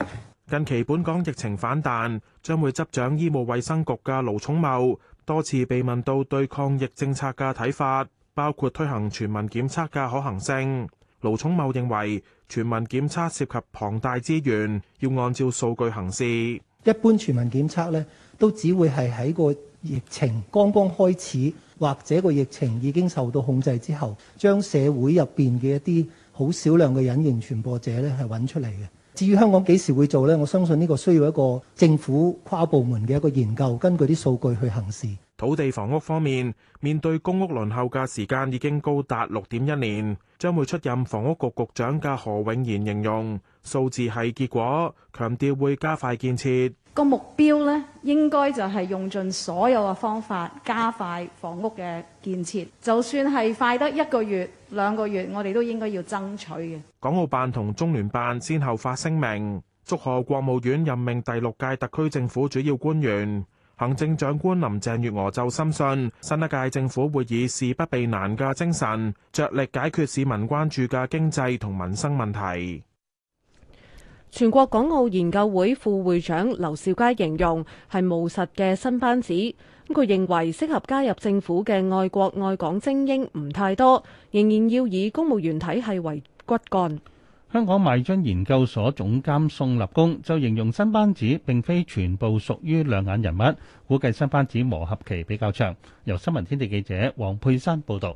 近期本港疫情反彈，將會執掌醫務衛生局嘅盧寵茂多次被問到對抗疫政策嘅睇法，包括推行全民檢測嘅可行性。盧寵茂認為，全民檢測涉及龐大資源，要按照數據行事。一般全民檢測咧，都只會係喺個疫情剛剛開始，或者個疫情已經受到控制之後，將社會入邊嘅一啲好少量嘅隱形傳播者咧，係揾出嚟嘅。至於香港幾時會做呢？我相信呢個需要一個政府跨部門嘅一個研究，根據啲數據去行事。土地房屋方面，面對公屋輪候嘅時間已經高達六點一年，將會出任房屋局局長嘅何永賢形容數字係結果，強調會加快建設。個目標呢，應該就係用盡所有嘅方法加快房屋嘅建設，就算係快得一個月、兩個月，我哋都應該要爭取嘅。港澳辦同中聯辦先後發聲明，祝賀國務院任命第六屆特區政府主要官員。行政長官林鄭月娥就深信，新一屆政府會以事不避難嘅精神，着力解決市民關注嘅經濟同民生問題。全國港澳研究會副會長劉兆佳形容係務實嘅新班子，咁佢認為適合加入政府嘅愛國愛港精英唔太多，仍然要以公務員體系為骨幹。香港賣章研究所總監宋立功就形容新班子並非全部屬於亮眼人物，估計新班子磨合期比較長。由新聞天地記者黃佩珊報道。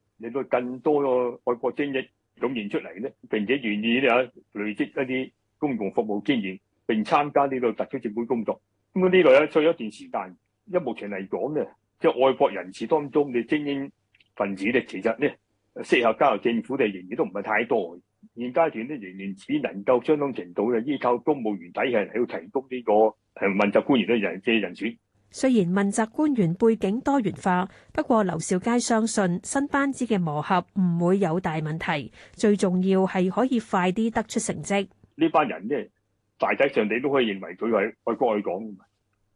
令到更多嘅愛國精英湧現出嚟咧，並且願意咧累積一啲公共服務經驗，並參加呢個特區政府工作。咁、嗯、呢度咧，需要一段時間。因目前嚟講咧，即係愛國人士當中嘅精英分子咧，其實咧適合加入政府嘅，仍然都唔係太多。現階段咧，仍然只能夠相當程度嘅依靠公務員體系嚟到提供呢個問責官員嘅人嘅人選。雖然問責官員背景多元化，不過劉兆佳相信新班子嘅磨合唔會有大問題。最重要係可以快啲得出成績。呢班人咧，大體上你都可以認為佢係愛國愛港，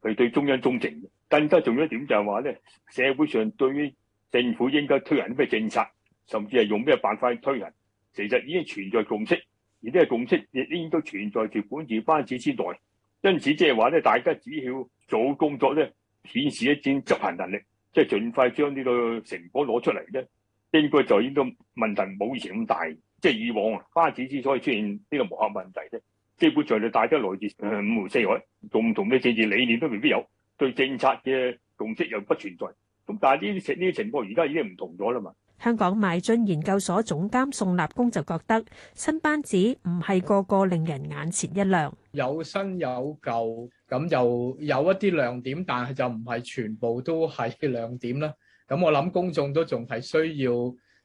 佢對中央忠誠，中央忠誠。更加重要一點就係話咧，社會上對於政府應該推行咩政策，甚至係用咩辦法去推行，其實已經存在共識。而呢個共識亦都應該存在住管治班子之內。因此即係話咧，大家只要做好工作咧，顯示一啲執行能力，即係盡快將呢個成果攞出嚟咧，應該就呢個問題冇以前咁大。即係以往啊，花市之所以出現呢個磨合問題啫，基本在你大家來自五湖四海，共同嘅政治理念都未必有，對政策嘅共識又不存在。咁但係呢啲呢啲情況而家已經唔同咗啦嘛。香港邁進研究所總監宋立功就覺得新班子唔係個個令人眼前一亮，有新有舊，咁又有一啲亮點，但係就唔係全部都係亮點啦。咁我諗公眾都仲係需要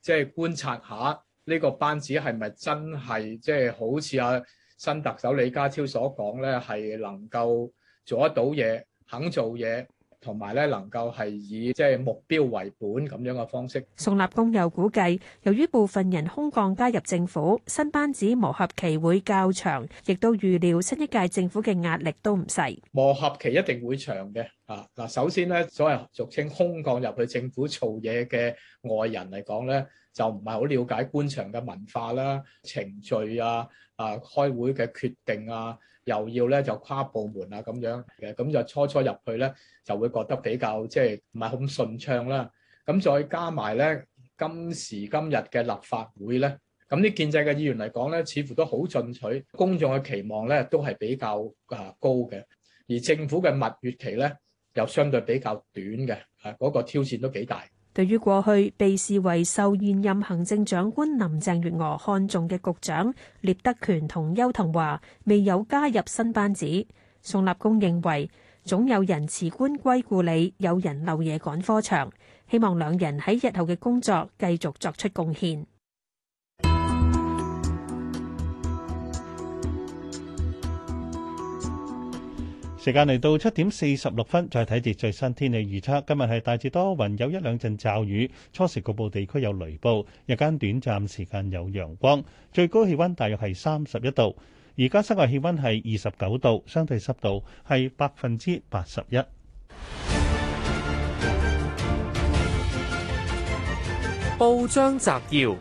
即係觀察下呢個班子係咪真係即係好似阿新特首李家超所講咧，係能夠做得到嘢，肯做嘢。同埋咧，能夠係以即係目標為本咁樣嘅方式。宋立功又估計，由於部分人空降加入政府，新班子磨合期會較長，亦都預料新一屆政府嘅壓力都唔細。磨合期一定會長嘅。啊，嗱，首先咧，所謂俗稱空降入去政府做嘢嘅外人嚟講咧，就唔係好了解官場嘅文化啦、程序啊、啊開會嘅決定啊。又要咧就跨部門啊咁樣嘅，咁就初初入去咧就會覺得比較即係唔係咁順暢啦。咁再加埋咧今時今日嘅立法會咧，咁啲建制嘅議員嚟講咧，似乎都好進取，公眾嘅期望咧都係比較啊高嘅，而政府嘅蜜月期咧又相對比較短嘅，啊、那、嗰個挑戰都幾大。對於過去被視為受現任行政長官林鄭月娥看中嘅局長聶德權同邱騰華，未有加入新班子。宋立功認為，總有人辭官歸故里，有人漏夜趕科場，希望兩人喺日後嘅工作繼續作出貢獻。時間嚟到七點四十六分，再睇住最新天氣預測。今日係大致多雲，有一兩陣驟雨，初時局部地區有雷暴，日間短暫時間有陽光，最高氣温大約係三十一度。而家室外氣温係二十九度，相對濕度係百分之八十一。報章摘要。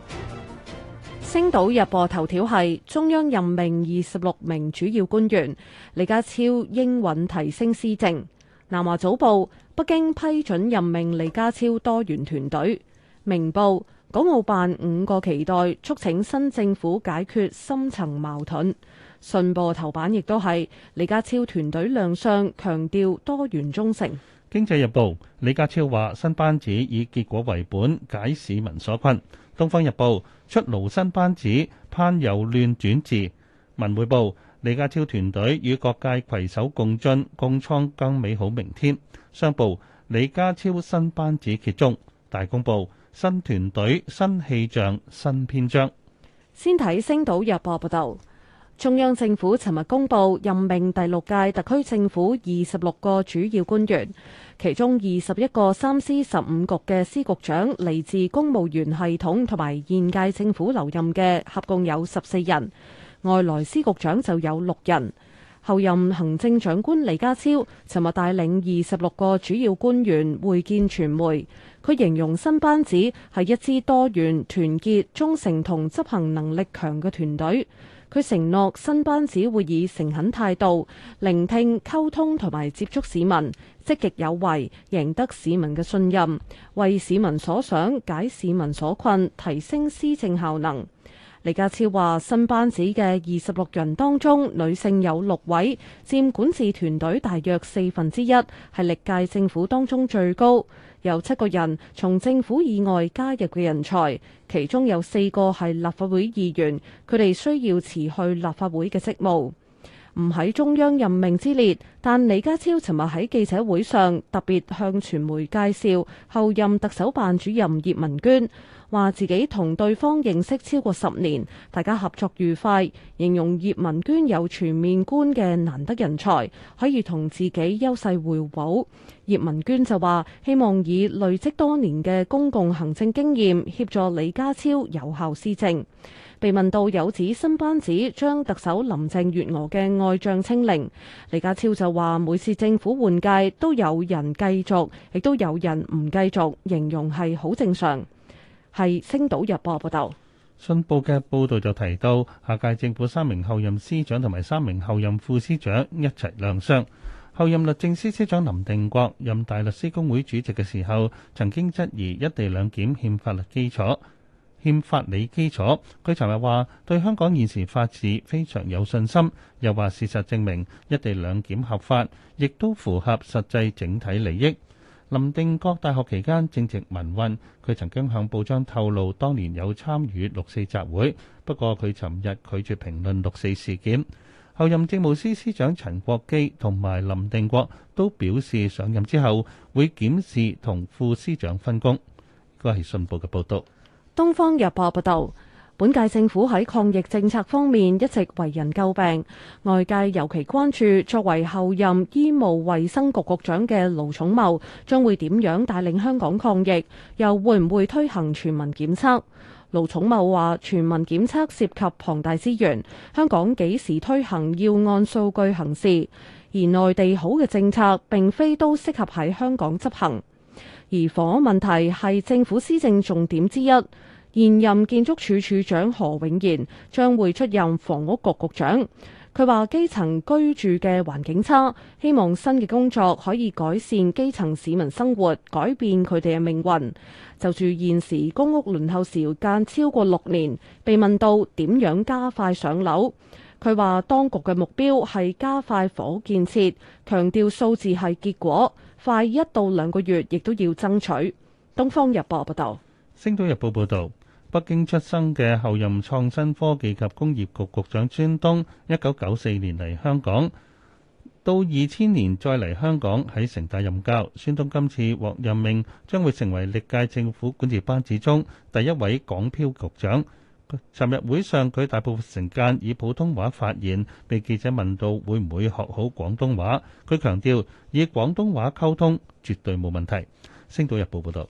星島日報頭條係中央任命二十六名主要官員，李家超應允提升施政。南華早報：北京批准任命李家超多元團隊。明報：港澳辦五個期待促請新政府解決深層矛盾。信報頭版亦都係李家超團隊亮相，強調多元忠誠。經濟日報：李家超話新班子以結果為本，解市民所困。《東方日報》出爐新班子，攀友亂轉字。《文匯報》李家超團隊與各界攜手共進，共創更美好明天。商報：李家超新班子揭盅，大公報：新團隊、新氣象、新篇章。先睇《星島日報》報道。中央政府尋日公布任命第六屆特區政府二十六個主要官員，其中二十一個三司十五局嘅司局長嚟自公務員系統，同埋現屆政府留任嘅合共有十四人，外來司局長就有六人。候任行政長官李家超尋日帶領二十六個主要官員會見傳媒，佢形容新班子係一支多元、團結、忠誠同執行能力強嘅團隊。佢承諾新班子會以誠懇態度聆聽溝通同埋接觸市民，積極有為，贏得市民嘅信任，為市民所想，解市民所困，提升施政效能。李家超話新班子嘅二十六人當中，女性有六位，占管治團隊大約四分之一，係歷屆政府當中最高。有七個人從政府以外加入嘅人才，其中有四個係立法會議員，佢哋需要辭去立法會嘅職務。唔喺中央任命之列，但李家超尋日喺記者會上特別向傳媒介紹候任特首辦主任葉文娟，話自己同對方認識超過十年，大家合作愉快，形容葉文娟有全面觀嘅難得人才，可以同自己優勢互補。葉文娟就話希望以累積多年嘅公共行政經驗協助李家超有效施政。被問到有指新班子將特首林鄭月娥嘅愛將清零，李家超就話：每次政府換屆都有人繼續，亦都有人唔繼續，形容係好正常。係《星島日報》報，報道。信報嘅報導就提到，下屆政府三名候任司長同埋三名候任副司長一齊亮相。候任律政司司長林定國任大律師公會主席嘅時候，曾經質疑一地兩檢欠法律基礎。欠法理基礎。佢尋日話對香港現時法治非常有信心，又話事實證明一地兩檢合法，亦都符合實際整體利益。林定國大學期間正值民運，佢曾經向報章透露當年有參與六四集會，不過佢尋日拒絕評論六四事件。候任政務司司長陳國基同埋林定國都表示上任之後會檢視同副司長分工。呢個係信報嘅報導。《東方日報》報道，本屆政府喺抗疫政策方面一直為人詬病，外界尤其關注，作為候任醫務衛生局局長嘅盧寵茂將會點樣帶領香港抗疫，又會唔會推行全民檢測？盧寵茂話：全民檢測涉及龐大資源，香港幾時推行要按數據行事，而內地好嘅政策並非都適合喺香港執行。而房屋問題係政府施政重點之一。現任建築署署長何永賢將會出任房屋局局長。佢話基層居住嘅環境差，希望新嘅工作可以改善基層市民生活，改變佢哋嘅命運。就住現時公屋輪候時間超過六年，被問到點樣加快上樓，佢話當局嘅目標係加快房屋建設，強調數字係結果，快一到兩個月亦都要爭取。東方日報報道，星島日報報道。北京出生嘅候任創新科技及工業局局長孫東一九九四年嚟香港，到二千年再嚟香港喺城大任教。孫東今次獲任命，將會成為歷屆政府管治班子中第一位港漂局長。尋日會上，佢大部分時間以普通話發言，被記者問到會唔會學好廣東話，佢強調以廣東話溝通絕對冇問題。星島日報報道。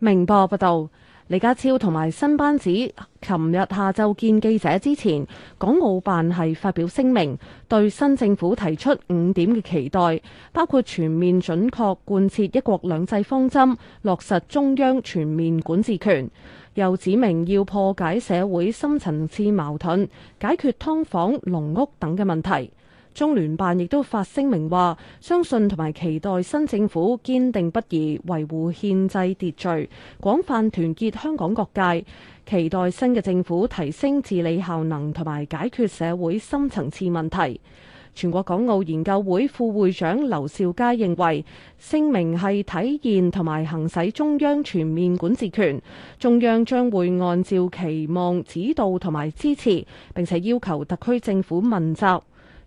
明報報道。李家超同埋新班子，琴日下晝見記者之前，港澳辦係發表聲明，對新政府提出五點嘅期待，包括全面準確貫徹一國兩制方針，落實中央全面管治權，又指明要破解社會深層次矛盾，解決劏房、籠屋等嘅問題。中聯辦亦都發聲明話，相信同埋期待新政府堅定不移維護憲制秩序，廣泛團結香港各界，期待新嘅政府提升治理效能，同埋解決社會深層次問題。全國港澳研究會副會長劉兆佳認為，聲明係體現同埋行使中央全面管治權，中央將會按照期望指導同埋支持，並且要求特區政府問責。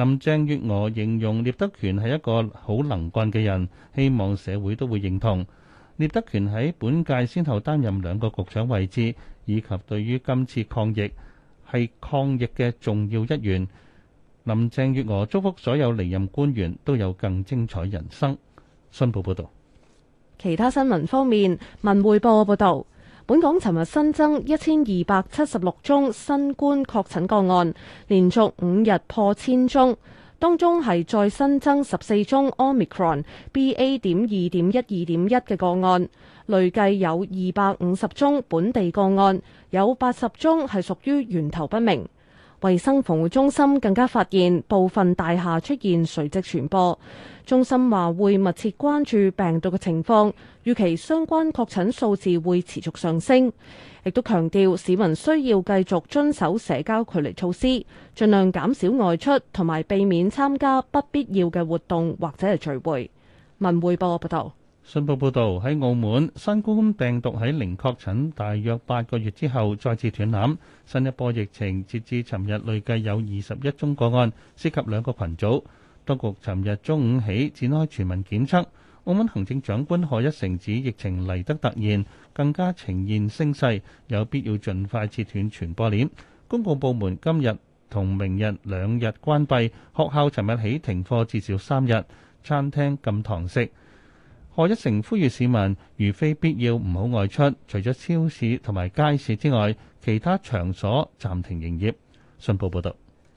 林鄭月娥形容聶德權係一個好能幹嘅人，希望社會都會認同。聶德權喺本屆先後擔任兩個局長位置，以及對於今次抗疫係抗疫嘅重要一員。林鄭月娥祝福所有離任官員都有更精彩人生。新報報道。其他新聞方面，文匯報報道。本港尋日新增一千二百七十六宗新冠確診個案，連續五日破千宗。當中係再新增十四宗 Omicron BA. 點二點一二點一嘅個案，累計有二百五十宗本地個案，有八十宗係屬於源頭不明。衛生防護中心更加發現部分大廈出現垂直傳播。中心話會密切關注病毒嘅情況，預期相關確診數字會持續上升。亦都強調市民需要繼續遵守社交距離措施，盡量減少外出同埋避免參加不必要嘅活動或者係聚會。文匯報報道。信報報導，喺澳門，新冠病毒喺零確診大約八個月之後再次斷纜，新一波疫情，截至尋日累計有二十一宗個案，涉及兩個群組。當局尋日中午起展開全民檢測。澳門行政長官賀一誠指疫情嚟得突然，更加呈現聲勢，有必要盡快切斷傳播鏈。公共部門今日同明日兩日關閉，學校尋日起停課至少三日，餐廳禁堂食。何一成呼籲市民，如非必要唔好外出，除咗超市同埋街市之外，其他場所暫停營業。信報報道。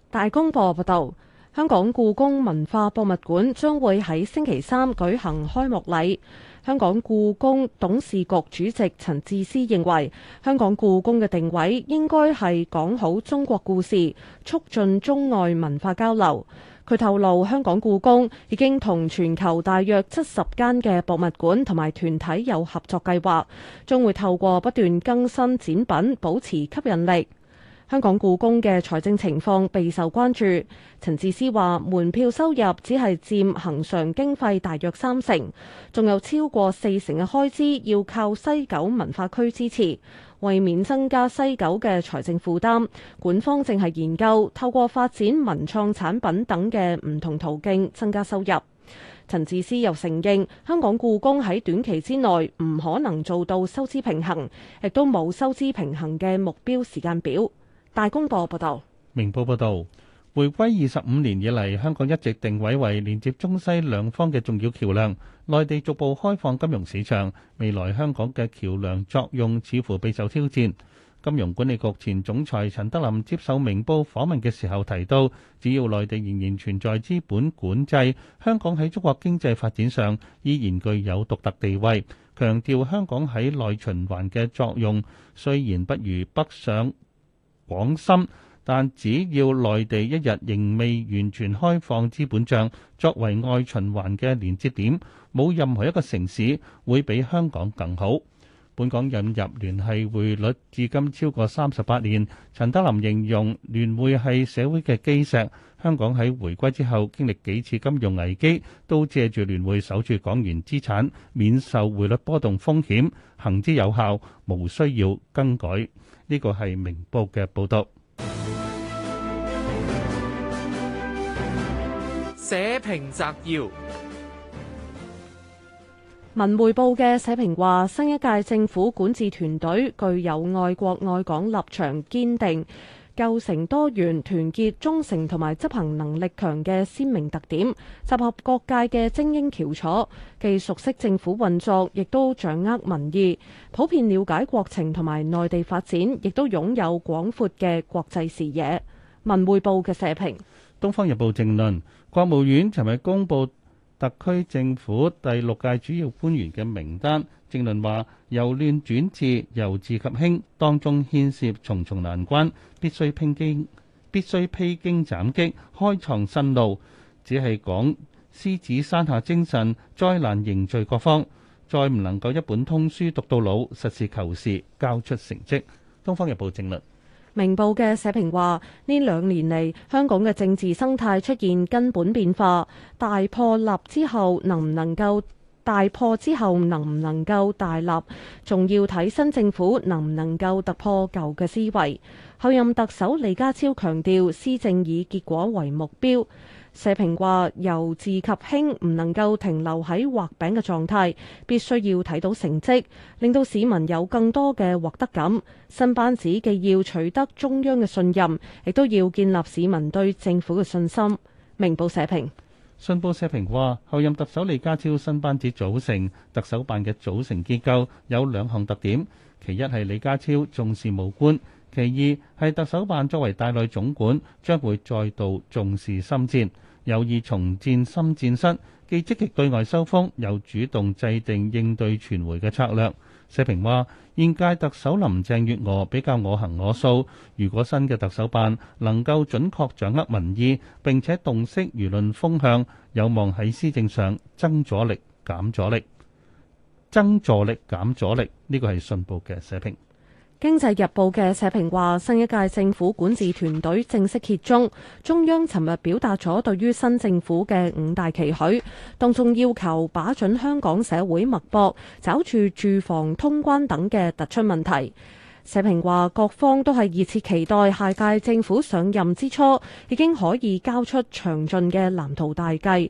大公報報道，香港故宮文化博物館將會喺星期三舉行開幕禮。香港故宮董事局主席陳智思認為，香港故宮嘅定位應該係講好中國故事，促進中外文化交流。佢透露，香港故宮已經同全球大約七十間嘅博物館同埋團體有合作計劃，將會透過不斷更新展品保持吸引力。香港故宮嘅財政情況備受關注。陳智思話：門票收入只係佔恒常經費大約三成，仲有超過四成嘅開支要靠西九文化區支持。為免增加西九嘅財政負擔，管方正係研究透過發展文創產品等嘅唔同途徑增加收入。陳智思又承認，香港故宮喺短期之內唔可能做到收支平衡，亦都冇收支平衡嘅目標時間表。大公報報道。明報報導。回歸二十五年以嚟，香港一直定位為連接中西兩方嘅重要橋梁。內地逐步開放金融市場，未來香港嘅橋梁作用似乎備受挑戰。金融管理局前總裁陳德霖接受明報訪問嘅時候提到，只要內地仍然存在資本管制，香港喺中國經濟發展上依然具有獨特地位。強調香港喺內循環嘅作用雖然不如北上廣深。但只要內地一日仍未完全開放資本帳，作為外循環嘅連接點，冇任何一個城市會比香港更好。本港引入聯繫匯率至今超過三十八年，陳德霖形容聯匯係社會嘅基石。香港喺回歸之後經歷幾次金融危機，都借住聯匯守住港元資產，免受匯率波動風險，行之有效，無需要更改。呢個係明報嘅報導。社評摘要：文匯報嘅社評話，新一屆政府管治團隊具有愛國愛港立場堅定、構成多元、團結忠誠同埋執行能力強嘅鮮明特點，集合各界嘅精英翹楚，既熟悉政府運作，亦都掌握民意，普遍了解國情同埋內地發展，亦都擁有廣闊嘅國際視野。文匯報嘅社評，《東方日報》政論。國務院尋日公布特區政府第六屆主要官員嘅名單，政論話由亂轉治、由治及興，當中牽涉重重難關，必須披荊，必須披荊斬棘，開創新路。只係講獅子山下精神，災難凝聚各方，再唔能夠一本通書讀到老，實事求是，交出成績。《東方日報》政論。明報嘅社評話：呢兩年嚟，香港嘅政治生態出現根本變化，大破立之後，能唔能夠大破之後，能唔能夠大立，仲要睇新政府能唔能夠突破舊嘅思維。候任特首李家超強調，施政以結果為目標。社評話，由治及興唔能夠停留喺畫餅嘅狀態，必須要睇到成績，令到市民有更多嘅獲得感。新班子既要取得中央嘅信任，亦都要建立市民對政府嘅信心。明報社評，信報社評話，候任特首李家超新班子組成，特首辦嘅組成結構有兩項特點，其一係李家超重視務官。其二係特首辦作為大內總管，將會再度重視心戰，有意重建心戰室，既積極對外收風，又主動制定應對傳回嘅策略。社評話：現屆特首林鄭月娥比較我行我素，如果新嘅特首辦能夠準確掌握民意，並且洞悉輿論風向，有望喺施政上增阻力減阻力，增助力減阻力呢個係信報嘅社評。《經濟日報》嘅社評話：新一屆政府管治團隊正式揭盅。中央尋日表達咗對於新政府嘅五大期許，當中要求把準香港社會脈搏，抓住住房、通關等嘅突出問題。社評話：各方都係熱切期待下屆政府上任之初，已經可以交出詳盡嘅藍圖大計，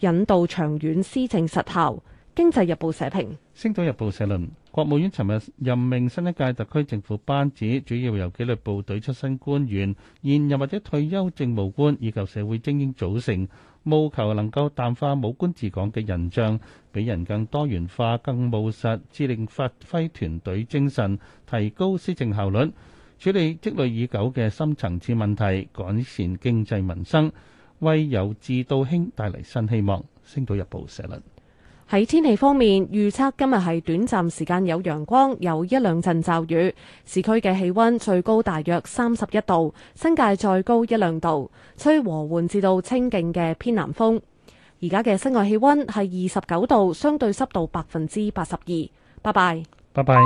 引導長遠施政實效。《經濟日報》社評，《星島日報》社論。國務院尋日任命新一屆特區政府班子，主要由紀律部隊出身官員、現任或者退休政務官以及社會精英組成，務求能夠淡化武官治港嘅印象，俾人更多元化、更務實，致力發揮團隊精神，提高施政效率，處理積累已久嘅深層次問題，改善經濟民生，為由治到興帶嚟新希望。星島日報社論。喺天氣方面，預測今日係短暫時間有陽光，有一兩陣驟雨。市區嘅氣溫最高大約三十一度，新界再高一兩度，吹和緩至到清勁嘅偏南風。而家嘅室外氣温係二十九度，相對濕度百分之八十二。拜拜，拜拜。